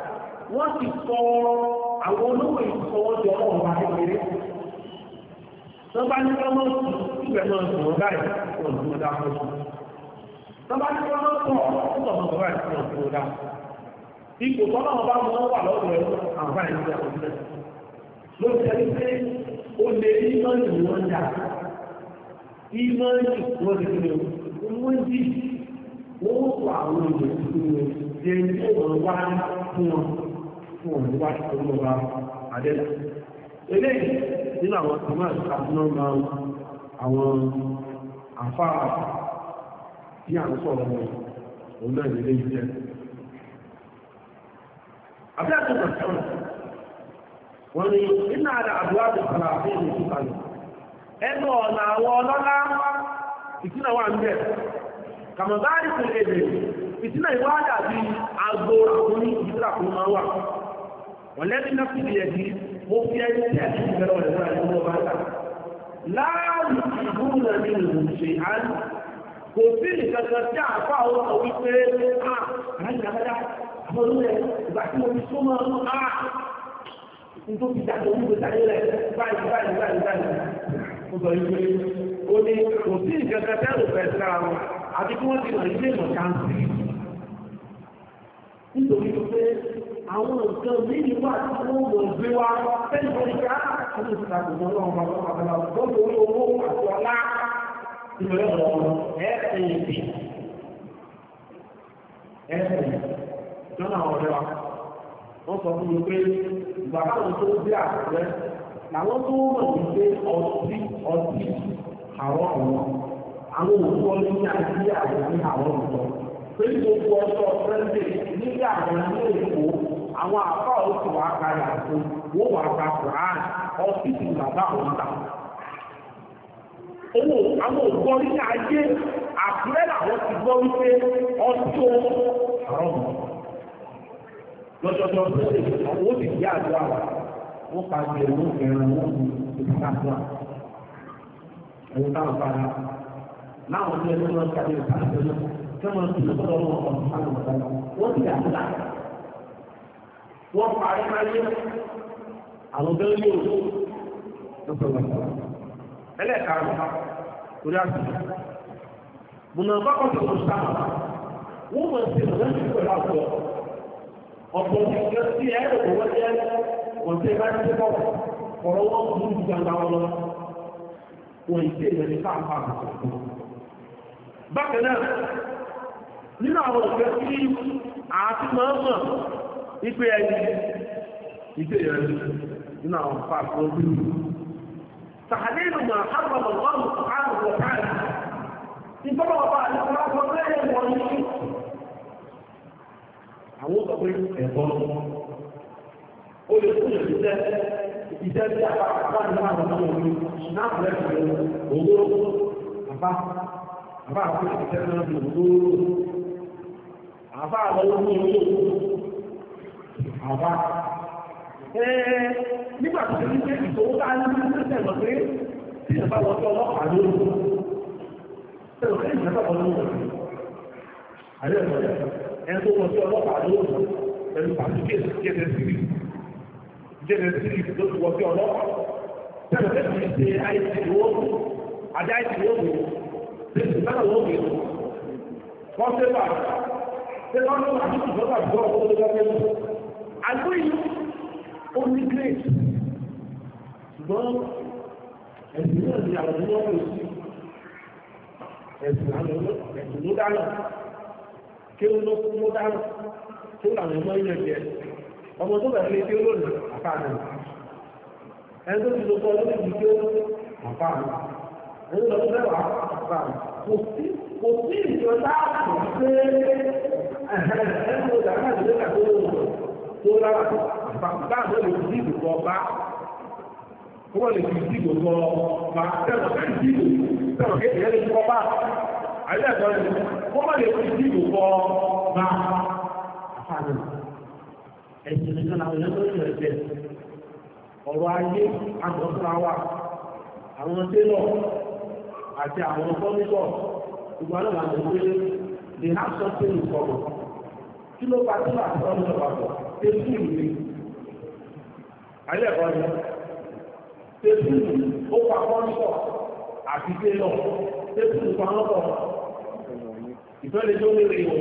wọ́n sì kọ́ àwọn olówó ìfọwọ́jọ ọ̀rọ̀ wa kékeré. Wọ́n bá ní kọ́mọ́ ìgbẹ́ náà sọ̀rọ̀ báyìí kò ní mo dá fún un. Wọ́n bá ní kọ́mọ́ sọ̀rọ̀ kò sọ̀rọ̀ báyìí kò ní mo dá. Ipò tọ́lá wọn bá mú wọn wà lọ́dọ̀ ẹ̀ àwọn báyìí ní ìjọba ìjọba. Ló ń tẹ́lẹ̀ pé ó lè ní mọ́nì wọn dà. fún òun wá olóba àdẹ́là eléyìí nínú àwọn thomas abnorma àwọn àfá tí à ń sọ̀rọ̀ na òun náà nílé iṣẹ́ àbí àtúntà sẹ́wọ̀n wọ́n ní iná àdá àdúrà tó kọ́ra àfihàn ní ìtúkalẹ̀ ẹnu ọ̀nà àwọn ọlọ́lá ìtúnà wà ń bẹ̀ ìtúnà ìwádà bíi kò máa wà والذي نفسي بيدي وفي أيدي أجل كلام الله يقول الله لا يجيبون منه شيئا kò sí ìkankan tí àpá àwọn ọmọ wípé à ah, àìyàmẹ́dá àmọ́lúwẹ̀ ìgbà tí mo fi súnmọ́ à ah, ń tó fi dájọ́ wípé sáyé rẹ̀ báyìí báyìí báyìí báyìí mo sọ wípé ó ní kò sí ìkankan tí àrò fẹ́ sára wọn àwọn nǹkan méjì wà tí wọ́n mọ̀ gbé wa wọ́n ọmọ ọmọ wọ́n sọ fún mi pé bàbá tó àwọn àbá òkú wa ka wọ́n wà quran ọ́fíìsì bàbá àwọn ta. owó àwọn ògbọ́n ní ayé àkúrẹ́ làwọn ti gbọ́ wípé ọjọ́ lọ́jọ́jọ́ ó àjọ wọ́n pa wọn ẹ̀rọ táwọn padà láwọn ọdún ẹgbẹ́ wọn náà kí wọ́n ti wọ́n wọ́n parí parí àwọn tó yóò tó sọ̀rọ̀ ẹlẹ́ẹ̀karùn torí àtúntò bùnà bákan tó kò sáà wọ́n mọ̀ sí ìrántí pẹ̀lú àpò ọ̀pọ̀ ìgbà sí ẹ̀rọ tó wọ́n jẹ́ wọ́n tẹ́ bá ti bọ̀ ọ̀rọ̀ wọn kú ju gbangba wọn lọ wọ́n ìṣe ìrẹ̀lẹ̀ káàpá bákan náà nínú àwọn ìgbà sí àti mọ̀ọ́mọ̀ ipe ya ìgbé yẹn nínú àwọn pàṣẹ ojú ìlú. Tàhálẹ́ ìlú máa hábà mọ̀ lọ́rùn àrùn wọ̀ káàdì. Ìgbọ́dọ̀ ọba àlùkò lọ́kọ̀ lẹ́yìn wọ̀ ní. Àwọn sọ pé ọrụ, ó lè fún ìṣiṣẹ́ ìṣiṣẹ́ tí a bá bá na àwa nígbà tó ti ṣe ìṣòwò tá ní ní ṣe pé tí ìjọba ọlọ́pàá ló ń tó ṣe ìjọba wọ́n ló ń wọ̀ àyè ẹni tó wọ́n tó ọlọ́pàá ló ń pẹ̀lú pàtúkè jẹ́jẹ́ sírí jẹ́jẹ́ sírí tó ti wọ́n tó ti ṣe àìsí ìwọ́pù àdá àìsí ìwọ́pù ṣe ṣe bá ṣe bá lọ́wọ́ àti àgbóyìn ó grace ṣùgbọ́n ẹ̀sìn náà ni àwọn ọmọ rẹ̀ sí ẹ̀sìn àwọn ẹ̀sìn ló kí ó ló kú kí ó làwọn ọmọ yẹn jẹ ọmọ tó kí ó lónìí àpáàdé ẹni tó ti lọ kọ́ lórí ìdí kí ó àpáàdé ẹni lọ bẹ́ẹ̀ wà àpáàdé kò sí kò sí ìjọ láàbò pé ẹ̀hẹ́n ẹ̀hẹ́n ló dáná ìdílé kàtó lóòrùn tó lára bàbá lè fi dìbò kọ bá wọ́n lè fi dìbò kọ bá dìbò tẹ̀yẹ́ lè kọ bá ẹ̀kọ́ wọ́n lè fi dìbò kọ bá àfààní ẹ̀sìn nìkan tó ẹ̀jẹ̀ ọ̀rọ̀ ayé wa àwọn àti àwọn ìgbà náà làwọn kí ló bá tó tẹ́sùn ni alẹ́kọ̀ọ́ ni tẹ́sùn ó pa pọ́ńsọ̀ àti tẹ́lọ̀ tẹ́sùn pa ìfẹ́ lè tó lérè o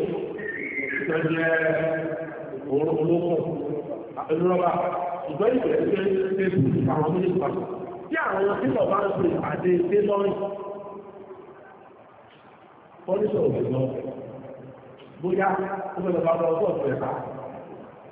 ìfẹ́ jẹ́ olóko olórọ́bà ìfẹ́ ìfẹ́ jẹ́ tẹ́sùn àwọn méjì tí àwọn tẹ́lọ̀ bá ń pè àdé tẹ́lọ̀rì pọ́ńsọ̀ òṣèlú bóyá ó fẹ́ lọ bá lọ ọgbọ́n ọ̀sẹ̀ ká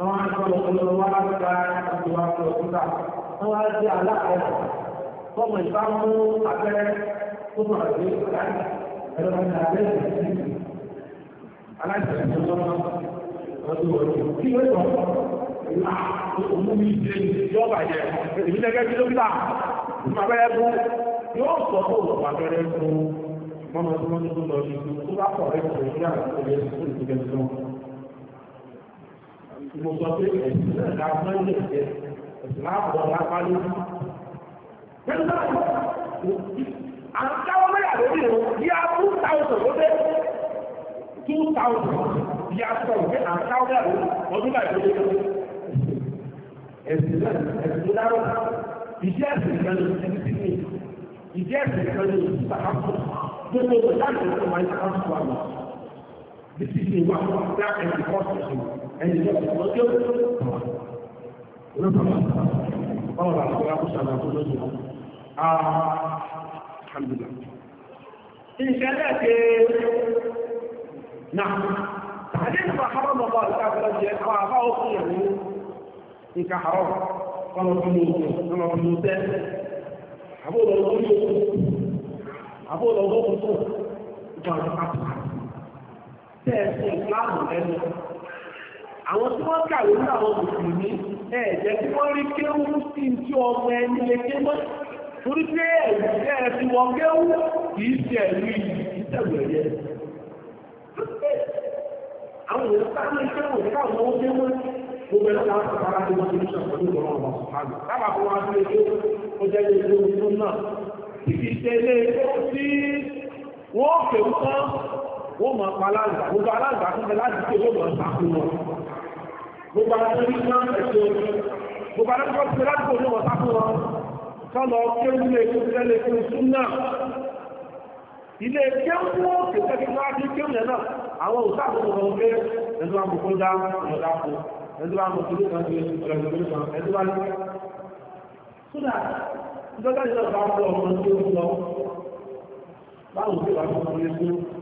àwọn akọ̀rọ̀ ọ̀pọ̀lọpọ̀ wá gba ọ̀pọ̀ àpò òkúta wọ́n wá sí alákọ̀ọ́ fọ́ọ̀mù ìbámu abẹ́rẹ́ tó mọ̀ sí ẹ̀rọ ní abẹ́ tó ṣe yọ yóò sọ fún òwò abẹ́rẹ́ fún mọ́mọ́ tó mọ́ tó lọ sí tó bá kọ̀ ẹ́ kò ní àwọn mo sọ pé ẹ̀sìn náà ká máa ń lè jẹ ẹ̀sìn máa bọ̀ lápá lójú. pẹ̀lú náà à ń káwọ́ mẹ́yà lórí o yá two thousand ló dé two thousand a sọ̀rọ̀ pé à ń káwọ́ mẹ́yà lórí ọdún báyìí ló dé. ẹ̀sìn náà ẹ̀sìn ló dárò ìdí ẹ̀sìn kan ló ti ti ní ìdí ẹ̀sìn kan ló ti ta ká fún gbogbo ìdájọ́ tó máa ń ká fún wa lọ ìsìsì wà dá ẹ̀sìn kọ́sì sí ẹni tó ti kọ́ tó olóòtú ọ̀rọ̀ bàbá tó lápò sàlà tó lóṣù alhamdulillah ìṣẹ̀lẹ̀ ṣe na tàbí nípa haram ọba ìkàkọ́ jẹ àwọn àbá òkú yẹn ní nǹkan haram kọ́nà tó lóṣù kọ́nà tó lóṣù tẹ́ àbúrò lọ́wọ́ lóṣù àbúrò lọ́wọ́ lóṣù tó ìjọba tẹ́ẹ̀sì ìsìláàmù lẹ́nu àwọn tí wọ́n kàwé ní àwọn mùsùlùmí ẹ̀ẹ̀jẹ́ tí wọ́n rí kéwú sí tí ọmọ ẹni lè ké mọ́ torí pé ẹ̀ẹ̀jẹ́ ẹ̀fí wọ́n kéwú kìí ṣe ẹ̀rí ìtẹ̀wé ẹ̀yẹ àwọn èèyàn sáré kéwú ní káwọn owó ké mọ́ gbogbo ẹ̀rọ láwọn sọ̀rọ̀ láti wọ́n ti ní sọ̀rọ̀ ní ìwọ̀n ọmọ sọ̀rọ̀ lábà fún wa sí ilé ó jẹ́ ilé ìlú náà kìí ṣe ilé ìlú tí wọ́n kéwú tán wọ́n mọ̀ pa aláǹgbà gbogbo aláǹgbà fún mi láti ṣe yóò mọ̀ sàkó wọn gbogbo aláǹgbà ní náà ẹ̀ṣẹ̀ omi gbogbo aláǹgbà fún mi láti ṣe yóò mọ̀ sàkó wọn sọlọ kéwù lè fún tẹ́lẹ̀ fún sún náà ilé kéwù òkè tẹ́lẹ̀ fún wájú kéwù yẹn náà àwọn òṣà tó mọ̀ pé ẹ̀dùn àmùkú dá ọ̀dà fún ẹ̀dùn àmùkú ló kàn sí ẹ̀dùn kan ẹ̀dùn àmùkú sódà ìjọba ìjọba bá bọ̀ ọmọ tó ń lọ báwo ló wà fún ọmọ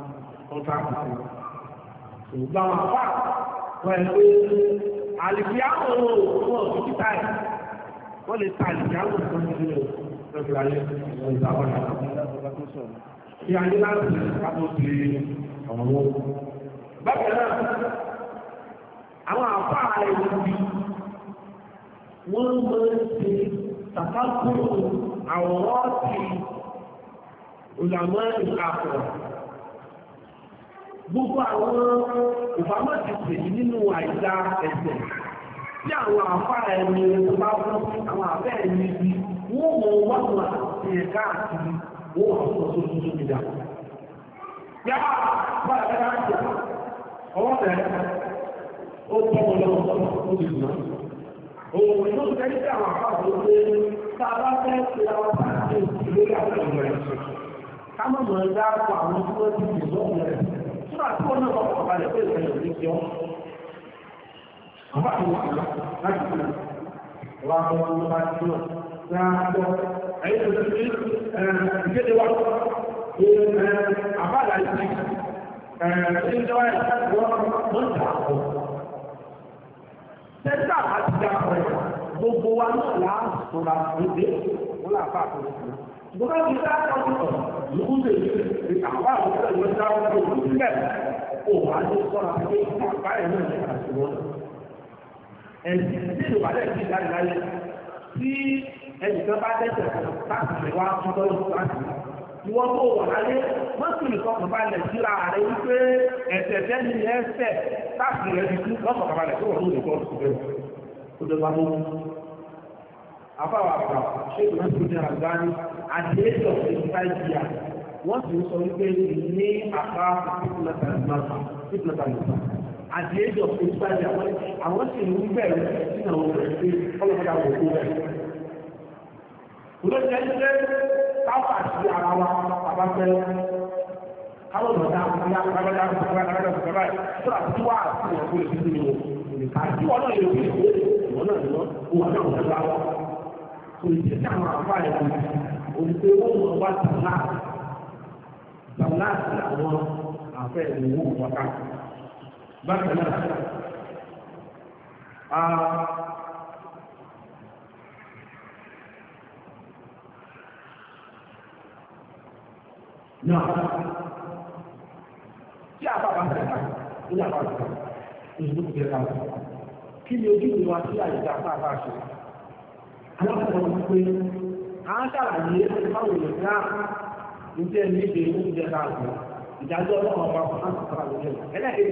ọ̀tá àpapọ̀ ṣùgbọ́n àwọn àpá pẹ̀lú àlìfíàwò fún ọ̀sùn ẹ̀ wọ́n lè ta àlìfíàwò fún ìdílé lọ́sùn ayé ìgbàwọ̀n tí a ní láti kápò sí ọ̀rọ̀ wọn. náà àwọn àpá ẹ̀rọ bí gbogbo àwọn ìfàmọ́sí nínú àìdá ẹ̀sẹ̀ tí àwọn àfá ẹni tó bá fún àwọn àfẹ́ ẹni ibi wọ́n mọ̀ wọ́n wà àti wọ́n wà fún tó tóbi dà. Yá bá ọwọ́ bẹ̀rẹ̀ ó tọ́ sí àwọn àfá tó ṣe tá a bá fẹ́ ṣe àwọn àfá Nígbà tí wọ́n náà kọ́kọ́ balẹ̀ pé ìfẹ́ òní jọ. Bàbá àwọn àgbà láti fún un. Wà á bọ́ wọn bá ti lọ. Láàbọ̀ ayé tó ti fi ìkéde wa. Àbáàlà ìsìn. Ṣé ń jọba ìwọ́n wọ́n dà pọ̀? Tẹ́tà àti dà pọ̀ gbogbo wa náà láàbùrà lóde. Wọ́n làbá àkóso. Bukan kita tahu itu. Lugu tu, apa kita boleh tahu itu bukan. Oh, ada seorang ini apa yang nak kita semua. Ẹni tí ìlú wàlẹ̀ ti dá ìdáyé tí ẹnì kan bá dẹ́sẹ̀ láti lè wá túbọ̀ ní láti ìwọ́n tó wà láyé wọ́n sì lè sọ̀kàn balẹ̀ síra rẹ̀ wípé ẹ̀sẹ̀ tẹ́ni ẹ̀sẹ̀ láti rẹ̀ ti kú lọ́sọ̀kàn àbáwá àgbà ṣéèkì náà tó ní àgbáni àdéhùn ìfáìjìyà wọ́n sì ń sọ wípé ní àpá pípìlẹ̀tà nìkan àdéhùn ìfáìjìyà àwọn sì ń bẹ̀rù sínú àwọn ọ̀rẹ́ pé ọlọ́pàá wò ó rẹ̀. olóṣèlú jẹ́ káfà sí ara wa àbáfẹ́ káwọn ọ̀dà àbábáyá àbábáyá àbábáyá tó àti wá àti ìyàwó ìdílé wọn ìwọ náà yóò fi ìwọ náà lọ ìwọ náà lọ kò sí káwọn àbá ẹ̀rọ òǹkó owó ọba tàlá tàlá sí àwọn afẹ́ ìwò ọ̀pá bákan náà náà tí a tẹ̀lá ní àbá tẹ̀lá ìṣòro tẹ̀lá kí ni ojú ìwà sí àyíká tá a wọ́n sọ pé a ń ṣàlàyé báwo lè ọlọ́run fún àwọn ń pàdé ọmọ ń tó sọ ọmọ tó ń ìwọ náà ti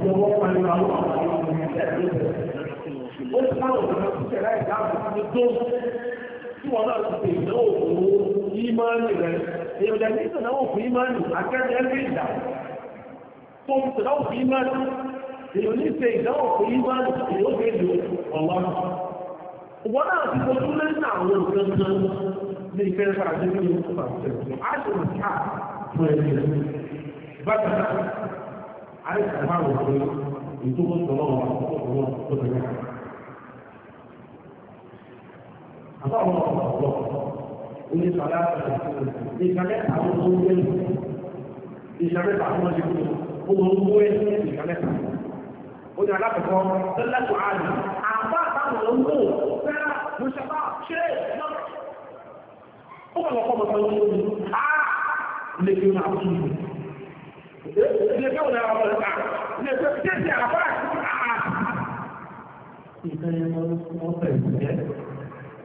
fi ọwọ́ àwọn ẹgbẹ́ tí wọ́n náà ti ìdánwò fún ìmánì rẹ̀ èyí ní ìdánwò fún ìmánì akẹ́rẹ́ ìdá tó ń ìdánwò fún ìmánì èyí ní ìdánwò fún ìmánì èyí ó fẹ́ lò wọ́n náà ti fojú àbáwọn ọ̀pọ̀ ọ̀pọ̀ oníṣọ̀lá ìṣẹ̀lẹ̀ àwọn tó ń gbé ìṣẹ̀lẹ̀ àwọn ọmọdé kúrò ó lọ ń gbé ìṣẹ̀lẹ̀ ó ní alákọ̀ọ́ tẹ́lẹ̀kọ̀ ààrẹ àbá àbáwọn ló ń gbò fẹ́ràn ló ṣẹ̀bá ṣe lọ́pọ̀ ó wà lọ́pọ̀ mọ̀tọ́ ló ń gbò á lè fi máa kú ilé fẹ́ òun àwọn ọ̀rẹ́ ká ilé fẹ́ tẹ́sí àbá àà ìkẹyẹ mọ́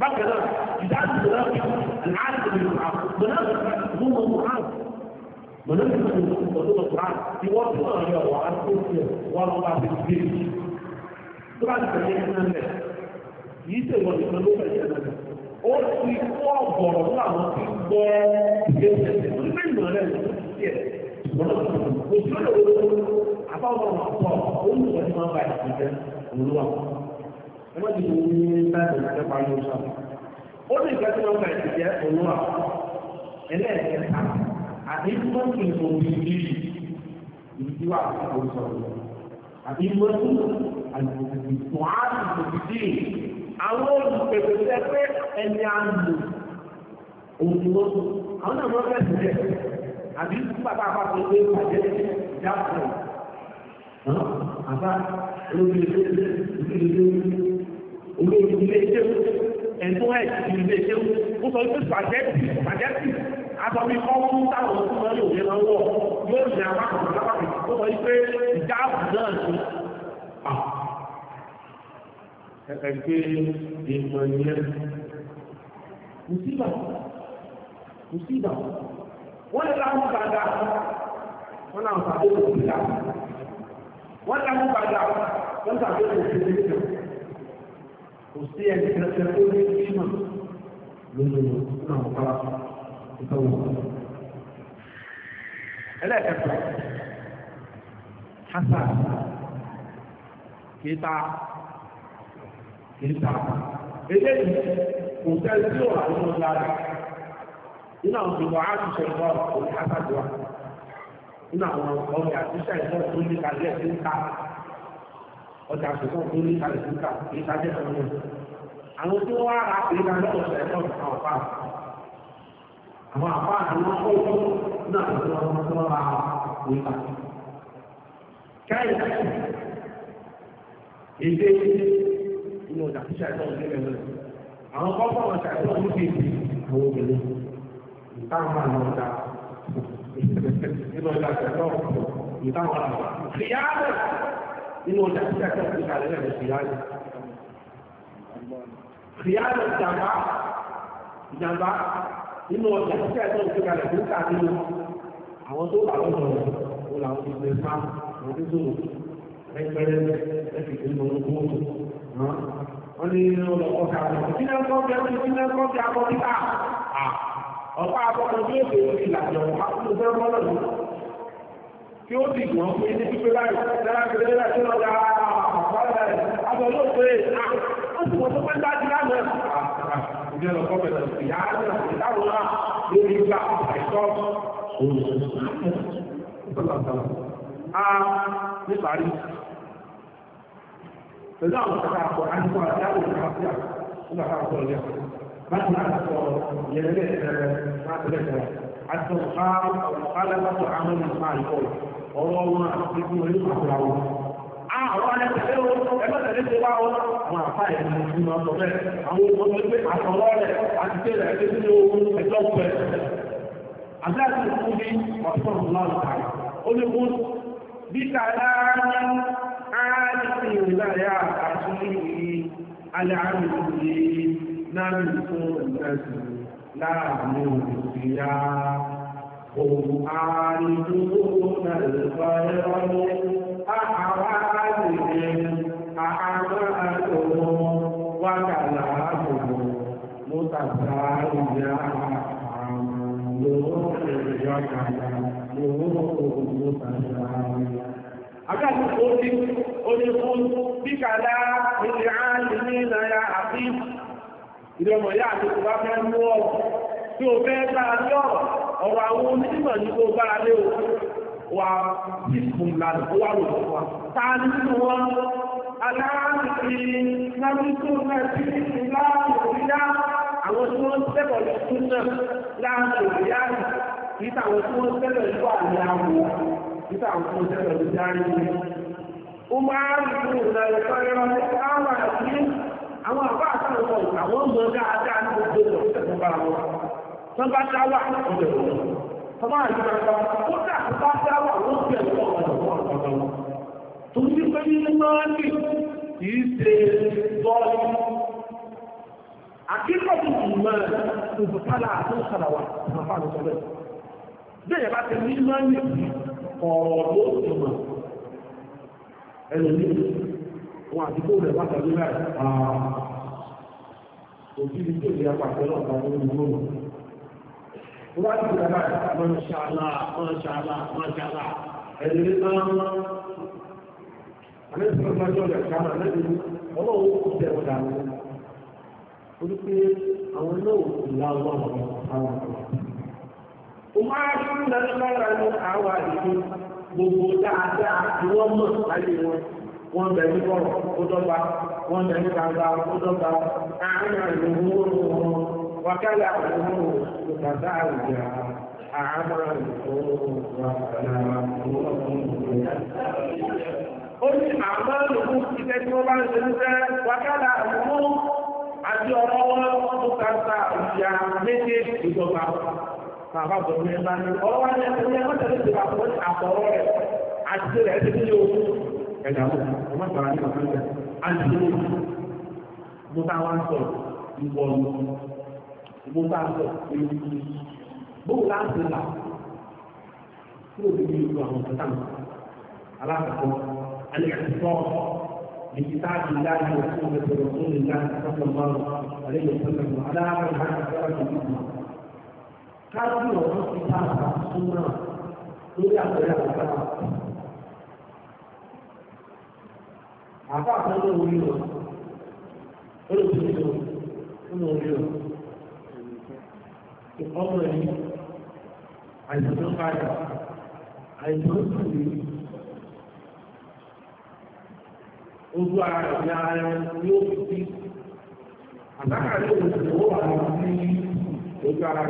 bákan náà ìdáàbò mọ̀nàfíkì aláàbò ní ìwà mọ̀nàfíkì mú mọ̀ mọ̀hán mọ̀nàfíkì mú mọ̀ mọ̀hán tí wọ́n tún ọ̀rọ̀ yọ wà á tó tiẹ̀ wọ́n lọ bá fi gbé e tó bá ti tẹ̀lé ẹ̀ka náà yìí tẹ̀ wọ́n nìkan ló fẹ̀ yẹn náà ó ti kọ́ ọ̀gọ̀rọ̀ fún àwọn tí ń gbọ́ ìgbésẹ̀ nígbà ìmọ̀ rẹ̀ ló ti tiẹ̀ mọ̀nàfíkì òṣèlú àbáwọn àwọn àpọ̀ òun ìwọ̀n ti máa ń ba ìgbésẹ̀ òun wà wọ́n ti ní báyìí láti pa ní ọjọ́ ó ní ìgbà tí wọ́n fẹ́ ti jẹ́ òun à ẹlẹ́ẹ̀kẹta àti mọ́tò òbí yìí ìdí wà ó sọ àti mọ́tò àlùkò tó á ti tòbí dì àwọn olùpèsè tẹ pé ẹni à ń lò òun ló àwọn náà wọ́n fẹ́ ti jẹ́ àbí bàbá àpapọ̀ ìgbé ìpàdé ìjáfẹ́ àbá olóògbé ilé iṣẹ́ ẹ̀tọ́ ẹ̀sìn ilé iṣẹ́ ó sọ pé spaghetti spaghetti àtọ́bí ọkùn táwọn ọkùn náà yóò yẹn lọ́wọ́ yóò ní àwọn àkọ́kọ́ lápapọ̀ ó sọ pé ìjáàbù náà ni ẹgbẹ́ ìmọ̀ ìyẹn mùsíbà mùsíbà wọ́n lè láwọn bàdà wọ́n láwọn bàdà wọ́n dá mú padà wọ́n tàbí òfin ní ìjọ kò sí ẹni kẹsẹ̀ tó ní ìmọ̀ lónìí náà wọ́n kọ́ra ìtọ́ wọn. ẹlẹ́ẹ̀kẹta hasa kìíta kìíta eléyìí kò sẹ́ni tí ò wà nínú lára nínú àwọn ìwà àti ìṣẹ̀lẹ̀ bọ́ọ̀lù kò ní hasa jù wá nínú àwọn ọjà àtúnṣe ìfọ́ tó ní kalẹ̀ tó ń ta ọjà àtúnṣe tó ní kalẹ̀ tó ń ta kì í sájẹ́ kan náà àwọn tí wọ́n ara pè ní alẹ́ ọ̀sẹ̀ ẹ̀kọ́ àwọn àpá àwọn àpá àwọn ọkọ̀ náà tó wọ́n tó ra òun ta. káyọ̀ èdè nínú ọjà àtúnṣe ìfọ́ tó ní kalẹ̀ àwọn kọ́kọ́ ọjà ìfọ́ tó ní kalẹ̀ àwọn obìnrin ìtàn máa ń lọ nínú ọjà ìṣẹ̀lẹ̀ ọ̀pọ̀ ìtàwọn àwọn ìyáàbẹ̀ nínú ọjà ìṣẹ̀lẹ̀ ọ̀pọ̀ ìkàlẹ̀ rẹ̀ ìyáàbẹ̀. ìyáàbẹ̀ ìjàmbá ìjàmbá nínú ọjà ìṣẹ̀lẹ̀ ọ̀pọ̀ ìkàlẹ̀ tó kà nínú àwọn tó wà lọ́dọ̀ wọn làwọn ti gbé fá àwọn tó tó ẹgbẹ́rẹ́ ẹ̀fìkì nínú ọgbọ́n wọn ni ọlọ́kọ̀ọ́kọ̀ àwọn ìpínlẹ̀ kọ́kẹ́ ọ̀pá àkọ́kọ́ tí ó fẹ́ mọ́lọ̀ ní tí níparí pẹ̀lú àwọn kàkà àpọ̀ àdúgbò àti àwọn ìgbà àti àwọn ìgbà ما Àwọn alẹ́tẹ̀lẹ́ ohun ẹgbẹ́tẹ̀lẹ́ ti wá ọ́nà àwọn àfáà ẹ̀mù ìgbìmọ̀ ọ̀tọ̀ bẹ́ẹ̀. Àwọn ọmọ ẹgbẹ́ àtọ̀lọ́rẹ̀ àti tẹ́lẹ̀ ẹgbẹ́ nínú ohun ẹjọ́ pẹ̀. Àbẹ́ẹ̀tì fún bí ọ̀tọ̀ lọ́rùn tààrí. Ó ní kún bí kàlá ní ààrẹ ìrìnlẹ̀ àti alẹ́ àmì ìrìnlẹ̀ náà fún ìrẹsì láàrin òṣìyà òun àrìdúró nàìjíríà ẹ̀rọ ní àwọn àgbègbè àwọn àtòwò wákàlà àbòbò mọ́tàkà ìyá àwọn lòó ìrìnà kàlà lòó mọ́tàkà ìyá. Agbájú ó ní fún bíkàlá ìrìnà ìrìnà ya àfíìsì ìrọmọ̀ yá àti tó fẹ́ mú ọ̀rọ̀ tí ó fẹ́ gbára lé ọ̀rọ̀ ọ̀rọ̀ àwọn onímọ̀ ní kó gbára lé o wa ìfún lànà ó wà lòdì wa ta nínú wọn aláàbì lábíkú láti láàbòríyá àwọn tí wọ́n tẹ́bọ̀ lọ tún náà láàbòríyá níta àwọn tí wọ́n tẹ́bọ̀ lọ wà ní àwọn níta àwọn tí wọ́n tẹ́bọ̀ lọ dárí ó máa ń náà lọ́rọ̀ àwọn àwọn àbá àtàwọn àwọn ọmọ dáadáa ní gbogbo ọ̀rọ̀ ìṣẹ̀kùn bára wọn wọ́n bá dáwà ọ̀dọ̀ wọn wọ́n bá àjọ ẹ̀kọ́ ó dà tó bá dáwà wọ́n fi ẹ̀kọ́ ọ̀dọ̀ wọn tó ní pé ní máa ń lè kì í ṣe bọ́ọ̀lù àkíkọ̀tù ìmọ̀ ìbùkálà àtúnṣàlà wa ìmọ̀fà ló sọ bẹ́ẹ̀ bá ti ní máa ń ọ̀rọ̀ ló ti mọ̀ ẹlòmíràn wọn àti kó rẹ̀ wáta lórí àà òbí ní tó ìyá pàtó náà bá lórí ìlú òun. Wọ́n bá ti gbà báyìí, mọ́ṣálá, mọ́ṣálá, mọ́ṣálá, ẹ̀rí náà. Àlẹ́ ìsìnkú ìgbàjọ́ rẹ̀ kàmà lẹ́yìn ọlọ́run kò tẹ̀ ọ̀dà rẹ̀. Ó ní pé àwọn náà wọ́n bẹ̀ ní bọ́ọ̀ ó dọ́gba wọ́n bẹ̀ ní gbangba ó dọ́gba àárín àìlú owó wọn wákàlà àwọn òkàtà àwùjá àámà ó ní àmọ́ òkú iṣẹ́ tí wọ́n bá ń ṣe níṣẹ́ wákàlà àwọn àti ọ̀rọ̀ wọn òkàtà àwùjá méje ìjọba bàbá bọ̀ ní ẹ̀bá ní ọ̀rọ̀ wá ní ẹ̀kọ́ ní ẹ̀kọ́ tẹ̀lé ìjọba àpọ̀rọ̀ rẹ̀ àti rẹ̀ ti ní ogun ẹ̀dàwó ọmọ ìpàrà ní ọ̀pọ̀ ìgbà àdìyẹ mo bá wá sọ ìwọ ọ̀nà mo bá sọ ewu bóun láti là kúrò níbi ìlú àwọn ọ̀sán tán alákọ̀ọ́ alẹ́ àtúntọ́ بكتاب الله وسنة رسول الله صلى الله àbá àtọ́jú orí o olùsèlú orí ọmọ ẹni àìsàn àìsàn tó rí ojú ara ara ojú ara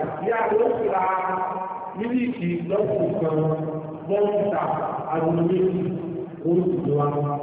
àdúgbò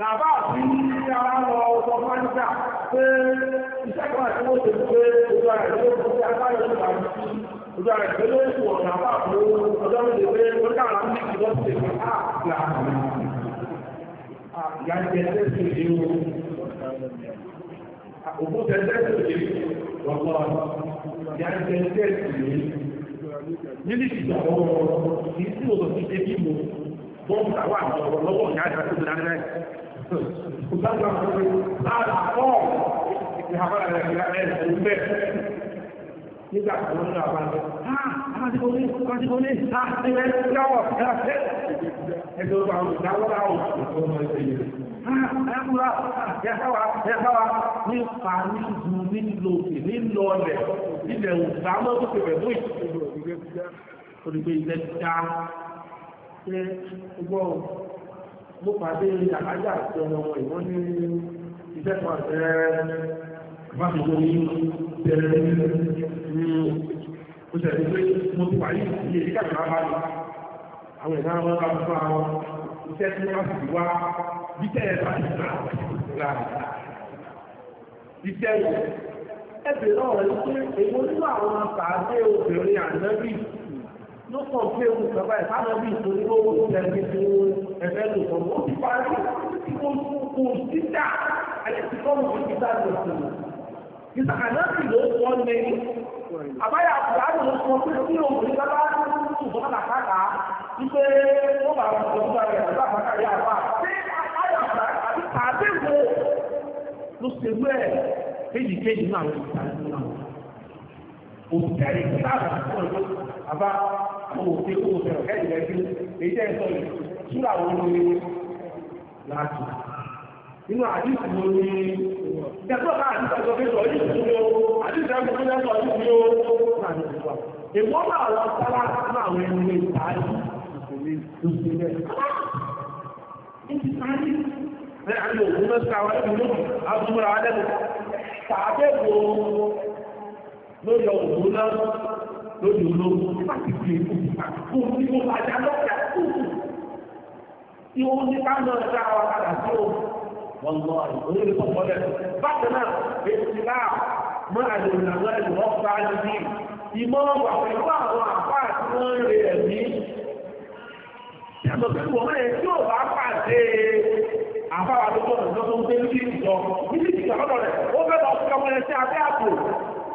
Bàbá àti ara lọ ọkọ̀ Fáníkà pé iṣẹ́ kan àti ó ṣe pé ojú ara ìgbélé fún ti agbára ìlú bá ti sí. Ojú ara ìgbélé fún ọ̀nà àbá àpò ọjọ́ méje pé ó dára ní ìjọ ti ṣe ká àgbà. Ìyá ah, jẹ tẹ́sí ìdí o. Ògùn tẹ tẹ́sí ìdí lọ́pọ̀. Ìyá jẹ tẹ́sí ìdí. Nílì ìjọba ọ̀rọ̀ kì í sí òṣèlú ṣe bí mo. Bọ́ọ̀mù tàwa àti ọ̀rọ̀ lọ́wọ́ ìyá ìjọba tó Ìgbàgbọ́ àwọn ọmọ àlàkọ́ ìhàbára rẹ̀ ìlà ẹ̀ ń bẹ̀. Nígbà tó ń lọ àbájọ, "Ah, àti orí, àti orí, àti ẹ̀ lọ́wọ́, ẹ̀ ẹgbẹ́ ọgbà àwọn ìdáwọ́lá òṣèlú tó mọ́ ìṣẹ́yẹ̀. Ah, ẹ̀kúra, ẹ̀káwà, ẹ̀káwà, ní pa ní ìlú nílò òkè nílò ọ̀lẹ̀, nílẹ̀ òṣàmọ́ tó pẹ̀lẹ̀ mú ìṣẹ́lẹ̀ òṣèlú. Olùgbé ilẹ̀ mo pàdé àlájà àti ọmọ ọmọ ìwọ́n ní iṣẹ́ kan àtẹ́ báṣepọ̀ ní tẹ̀lé ní oṣèlú pé mo ti wáyé ilé ìdíkà tó bá lọ àwọn ìdá wọn bá fún àwọn iṣẹ́ tí wọ́n sì wá bí tẹ̀lé bá ti gbà láàrín iṣẹ́ yìí ẹ̀bẹ̀ náà rẹ̀ pé èwo nínú àwọn pàdé obìnrin ànábì ló kàn gbé ewu ìjọba ẹ̀ sáwọn bí ìtòrí owó ìjọba ẹ̀ tó ẹ̀fẹ́ lò sọ ó ti parí kò kò síta ẹ̀yẹ ti kọ́ lóko síta lò sí i. Ìta ànáàtì ló sọ ní àbáyà àbúrò ló sọ pé kí òun ní bàbá ṣùgbọ́n àkàkà wípé wọ́n bá wọn sọ fúnra rẹ̀ àbúrò àkàkà yà wá. Ṣé àbáyà àbúrò àbí tàbí wo ló ṣe wú òtẹ́rì sáàbà ọ̀rọ̀ àbá àwọn òfin kó sẹ̀rọ̀ kẹ́lì ní láti nínú ọjọ́ fẹ́ sọ yìí fún mi o àdìsí ọjọ́ fẹ́ sọ yìí fún mi o èmi ọmọ àwọn sábà náà àwọn ẹni ní ìtàlí ìṣẹ̀lẹ̀ ìṣẹ̀lẹ̀ ní àyè òkú mẹ́ta wọn lórí ọ̀gbọ̀n náà lórí olóògùn tí ó ní ká lọ dá wa padà sí o wọn lọ orílẹ̀ tó kọ́ bákan náà èsì náà mọ́ àdéhùn àwọn ẹ̀dùn wọn bá ìmọ̀ wà pẹ̀lú àwọn àpá àti wọn rè ẹ̀mí yàtọ̀ sí wọn ẹ̀ tí ò bá pàdé àbáwá tó tọ̀nà tó ń gbé ní ìjọ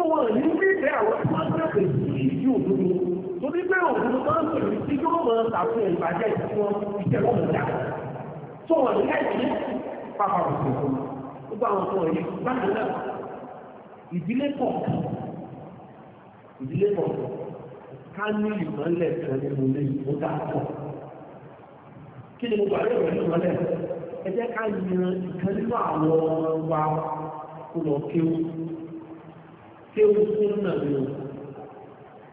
tó wọ́n ní nígbẹ́ àwọn tí wọ́n tẹ̀sẹ̀ sí ìdí pé òdodo máa ń pèrè sí yóò máa tàfún ìbàjẹ́ ìfún iṣẹ́ wọn dà tó wọ́n ní láìpẹ́ pàpà òṣèlú gbogbo àwọn ọmọ yìí bákan náà ìdílé pọ̀ ìdílé pọ̀ ká ní ìmọ̀lẹ̀ kan nínú ilé ìfún dà pọ̀ kí ni mo gbà lérò ní ìmọ̀lẹ̀ ẹ jẹ́ ká yan ìkan nínú àwọn ọmọ wa kó lọ kéwú tí ó fún náà ní o.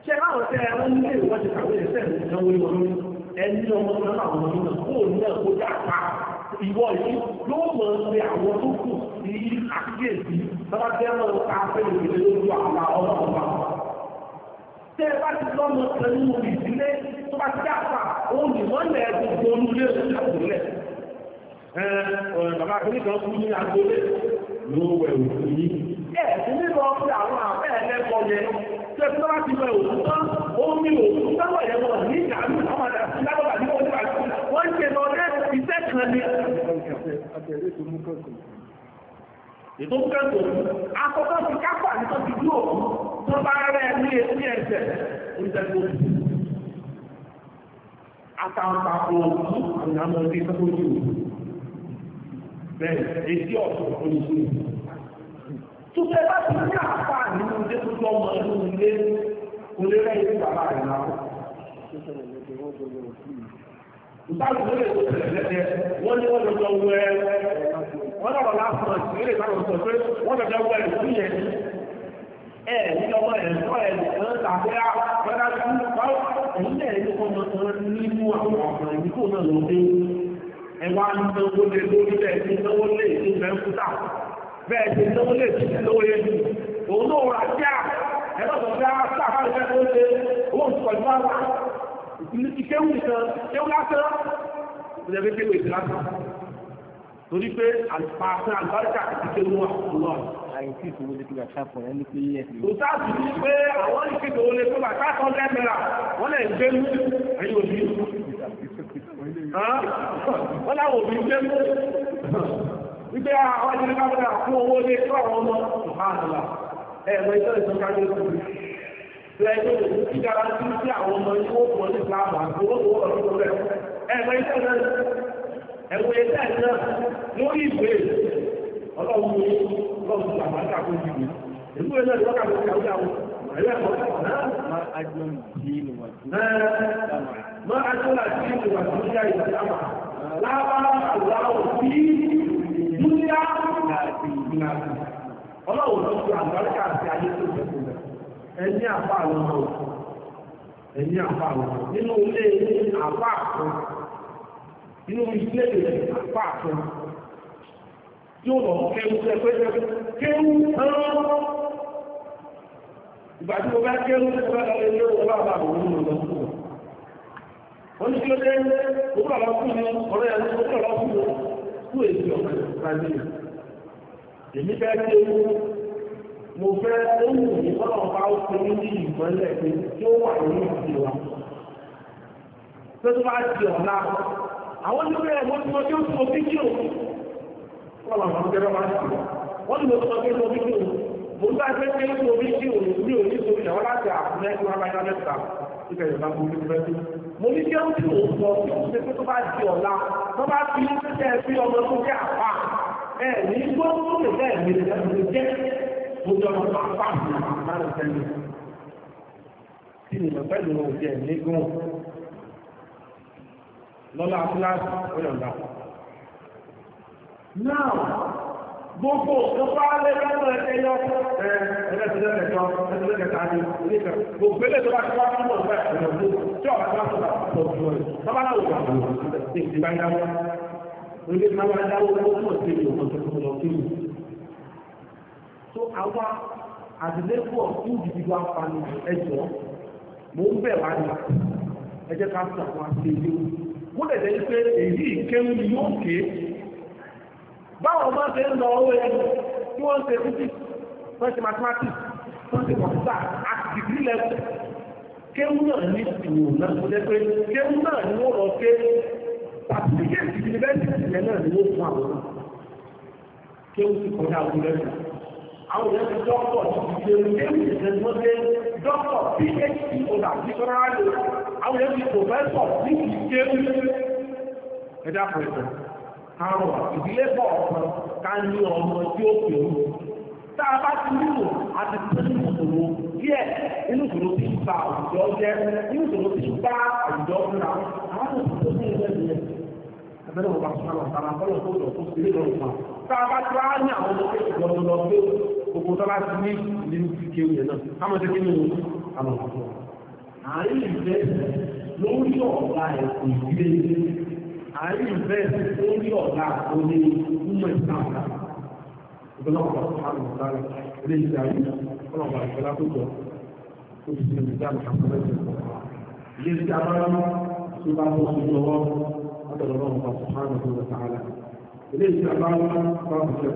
Ṣé láwọn tẹ́ ẹ wọ́n nílé ìwádìí kàwé ẹ̀sẹ̀ ìdánwò ìwọ̀n ní ẹni ọmọ náà àwọn ọmọ náà kó ní ẹ̀kọ́ já pa ìwọ yìí yóò mọ̀ pé àwọn tó kù sí àkíyèsí bàbá jẹ́ mọ̀ ká pé ìwé lójú àwọn ọlọ́ọ̀bà. Ṣé ẹ bá ti lọ́mọ pẹ̀lú ìdílé tó bá ti já pa òun ìmọ̀lẹ̀ gbogbo olúlé ìṣàkùnlẹ̀. Bàbá akẹ́kọ̀ọ́ kú ní agbolé ló wẹ̀ òkú yìí ẹ̀sùn nínú ọ̀pẹ àwọn àbẹ́ ẹ̀lẹ́kọ̀ọ́ yẹn tí ẹ̀sùn náà ti mọ òkú tán ó ní òkú táwọn yẹn wọ̀ ní ìdààmú àwọn àdàsí lábàbà ní wọ́n nípa wọ́n ń ṣe tó bá rẹ̀ ní etí òkú àwọn àmọ́ tó bá ti ní àpá nínú ilé tó ọmọ inú ilé oléré ilé bàbá rẹ̀ náà. Báwo ló lè tẹ̀lé lẹ́tẹ̀? Wọ́n ní wọ́n lọ́jọ́ wẹ́ wọ́n lọ́wọ́ lásán ìwé lè sáré sọ pé wọ́n lọ́jọ́ wẹ́ ìlú yẹn. Ẹ ní ọmọ ẹ̀ sọ ẹ̀ nìkan tàbí àpẹẹrẹ tó báwọ̀ ẹ̀yìn náà ní ọmọ kan nínú àwọn ọ̀gbọ̀n ìbí kò náà lọ Ẹ wá ń náwó lé lórí bẹ́ẹ̀ ní náwó lé ìdí bẹ́ẹ̀ bẹ́ẹ̀ ṣe lówó lè ti lówó yẹn òun náà rà já ẹ̀rọ torí pé àpàṣẹ àlùbáríkà ti kéwù wà lọ́wọ́ àìsí ìfowó lè fi bàtà fún ẹni pé yẹ. òtá sì ní pé àwọn ìkéde olè tó bàtà kan lẹ́mẹ̀rà wọ́n lè gbé mú ẹ̀yìn òbí wípé àwọn ìjọba kábọ̀dà fún owó lé àwọn ọmọ ìhánàlá ẹ̀rọ ìjọ ìsọkájú ìsọkájú ẹ̀rọ ìjọ ti dára sí àwọn ọmọ ní owó fún ọdún ìsìlámù àti owó fún ọdún tó rẹ̀ ẹ̀rọ ìjọ náà ẹ̀rọ ìjọ náà lórí ìwé ọlọ́run ní ọlọ́run ti àbájá kó ti gbé ìlú ẹ̀ náà àwọn àwọn ẹ̀rọ ẹ̀kọ́ máa ajọ́ ìdílé dúnyá ndị mo bá òun ní kí ló dé fún mi ẹ̀ kú èsì ọ̀pọ̀ ìpàdé èmi fẹ́ kí ewu mo fẹ́ ohun ìfọ́nà bá ó pe ní ní ìmọ̀lẹ̀ pé tí ó wà nínú ìdí wa tó tó bá di ọ̀la àwọn tó bẹ̀rẹ̀ mọ́ tí mo tí ó sọ fídíò wọ́n máa ń tẹ́lọ́ máa ń wọ́n ní mo sọ pé mo fídíò mo gbà pé pé mo fídíò mi ò ní sọ ìyàwó láti àkùnrin wọn bá yá mẹ́ta ibẹ̀ yóò gbogbo ìgbẹ́ tó. mo ní kí ó ti wò sọ kí ó ṣe pé tó bá di ọ̀la tó bá fi ṣe fi ọmọ tó jẹ́ àpá ẹ̀ ní gbogbo ìgbẹ́ mi lẹ́nu jẹ́ mo jọ ọmọ tó àpá mi má lọ sẹ́yìn. kí ni ìmọ̀fẹ́ ló ń jẹ ní gùn lọ́la fúláṣí ó yọ̀ǹda. náà gbogbo ìjọba alẹ́gbẹ̀rún ẹ̀yọ ẹ̀ẹ́dẹ́gbẹ̀jọ ẹ̀ẹ́dẹ́gbẹ̀ta ní oníkà gbogbo ilé tó bá ti wá fún ọ̀gbà ìrìnàjò tí ọ̀gá bá sọ̀rọ̀ àpapọ̀ ojú ọ̀rẹ́ sábà náà wà lórí ìdí bá yáwó orílẹ̀ máa wá yáwó owó tó ti rí ọmọ tó tó lọ sí mi. tó àwa àdìlẹ́kọ̀ fún ìdìbò apani ẹ̀jọ́ mò ń bẹ̀ wá ní ẹ̀jẹ̀ ká sọ àwọn àti èyí ó lè jẹ́ pé èyí ìkẹ́rù yóò kéé báwọn máa ṣe ń lọ owó ẹni tí wọ́n ṣe physics wọ́n ṣe mathematics wọ́n ṣe kọ̀ǹtà àti dìgírí lẹ́kọ̀ọ́ kéwù náà ní ìwò náà tó jẹ́ pé kéwù náà ni wọ́n lọ ké pàtìkéèkì yunifásitì yẹn náà ni wọ́n fún àwọn kéwù ti kọjá àwọn lẹ́kọ̀ọ́ àwọn ìyẹn ti dọ́kọ̀ ti ṣe kéwù ìṣẹ́ tí wọ́n ṣe dọ́kọ̀ phd ọ̀dà sí kọ́nárà lò àwọn ìyẹn ti pòfẹ́sọ̀ ní ìkéwù ẹ̀dá pẹ̀lú àrùn ìdílé pọ̀ ọ̀kan ká ní ọmọ tí ó pè ó. Tá a bá ti nílò àti tó ní ìṣòro díẹ̀ nínú ìṣòro tí ń ba àwùjọ jẹ́ nínú ìṣòro tí ń bá àwùjọ fúnra àwọn òṣìṣẹ́ ní ilé ìlẹ̀. Abẹ́rẹ́ wọn bá sọ àwọn ọ̀sán àbọ̀lọ̀ tó lọ fún sílé lọ́rùn kan. Tá a bá ti wá ní àwọn ọmọ tó lọ lọ pé gbogbo tó bá ti ní ìlú ti kéwì yẹn náà. Ká mọ̀ sí kí àwọn àbọ̀. Àárín ìfẹ́ lórí ọ̀gá ẹ̀kọ́ ìdílé àárín bẹ́ẹ̀ tó rí ọ̀la òní ìmọ̀ ìsàmùlá ìgbọ́lọ́pàá sọ́kàrùn ọ̀tàrà ilé ìjà yìí ọlọ́pàá ìfẹ́lá tó jọ tó ti sinmi ìjà mi kàkọ́ lẹ́sẹ̀ ilé ìjà abára mọ́ tó bá bọ́ sí lọ́wọ́ ọ̀tọ̀lọ́pàá sọ́kàrùn ọ̀tàrà ilé ìjà abára mọ́ bá bọ́ sí ọ̀ká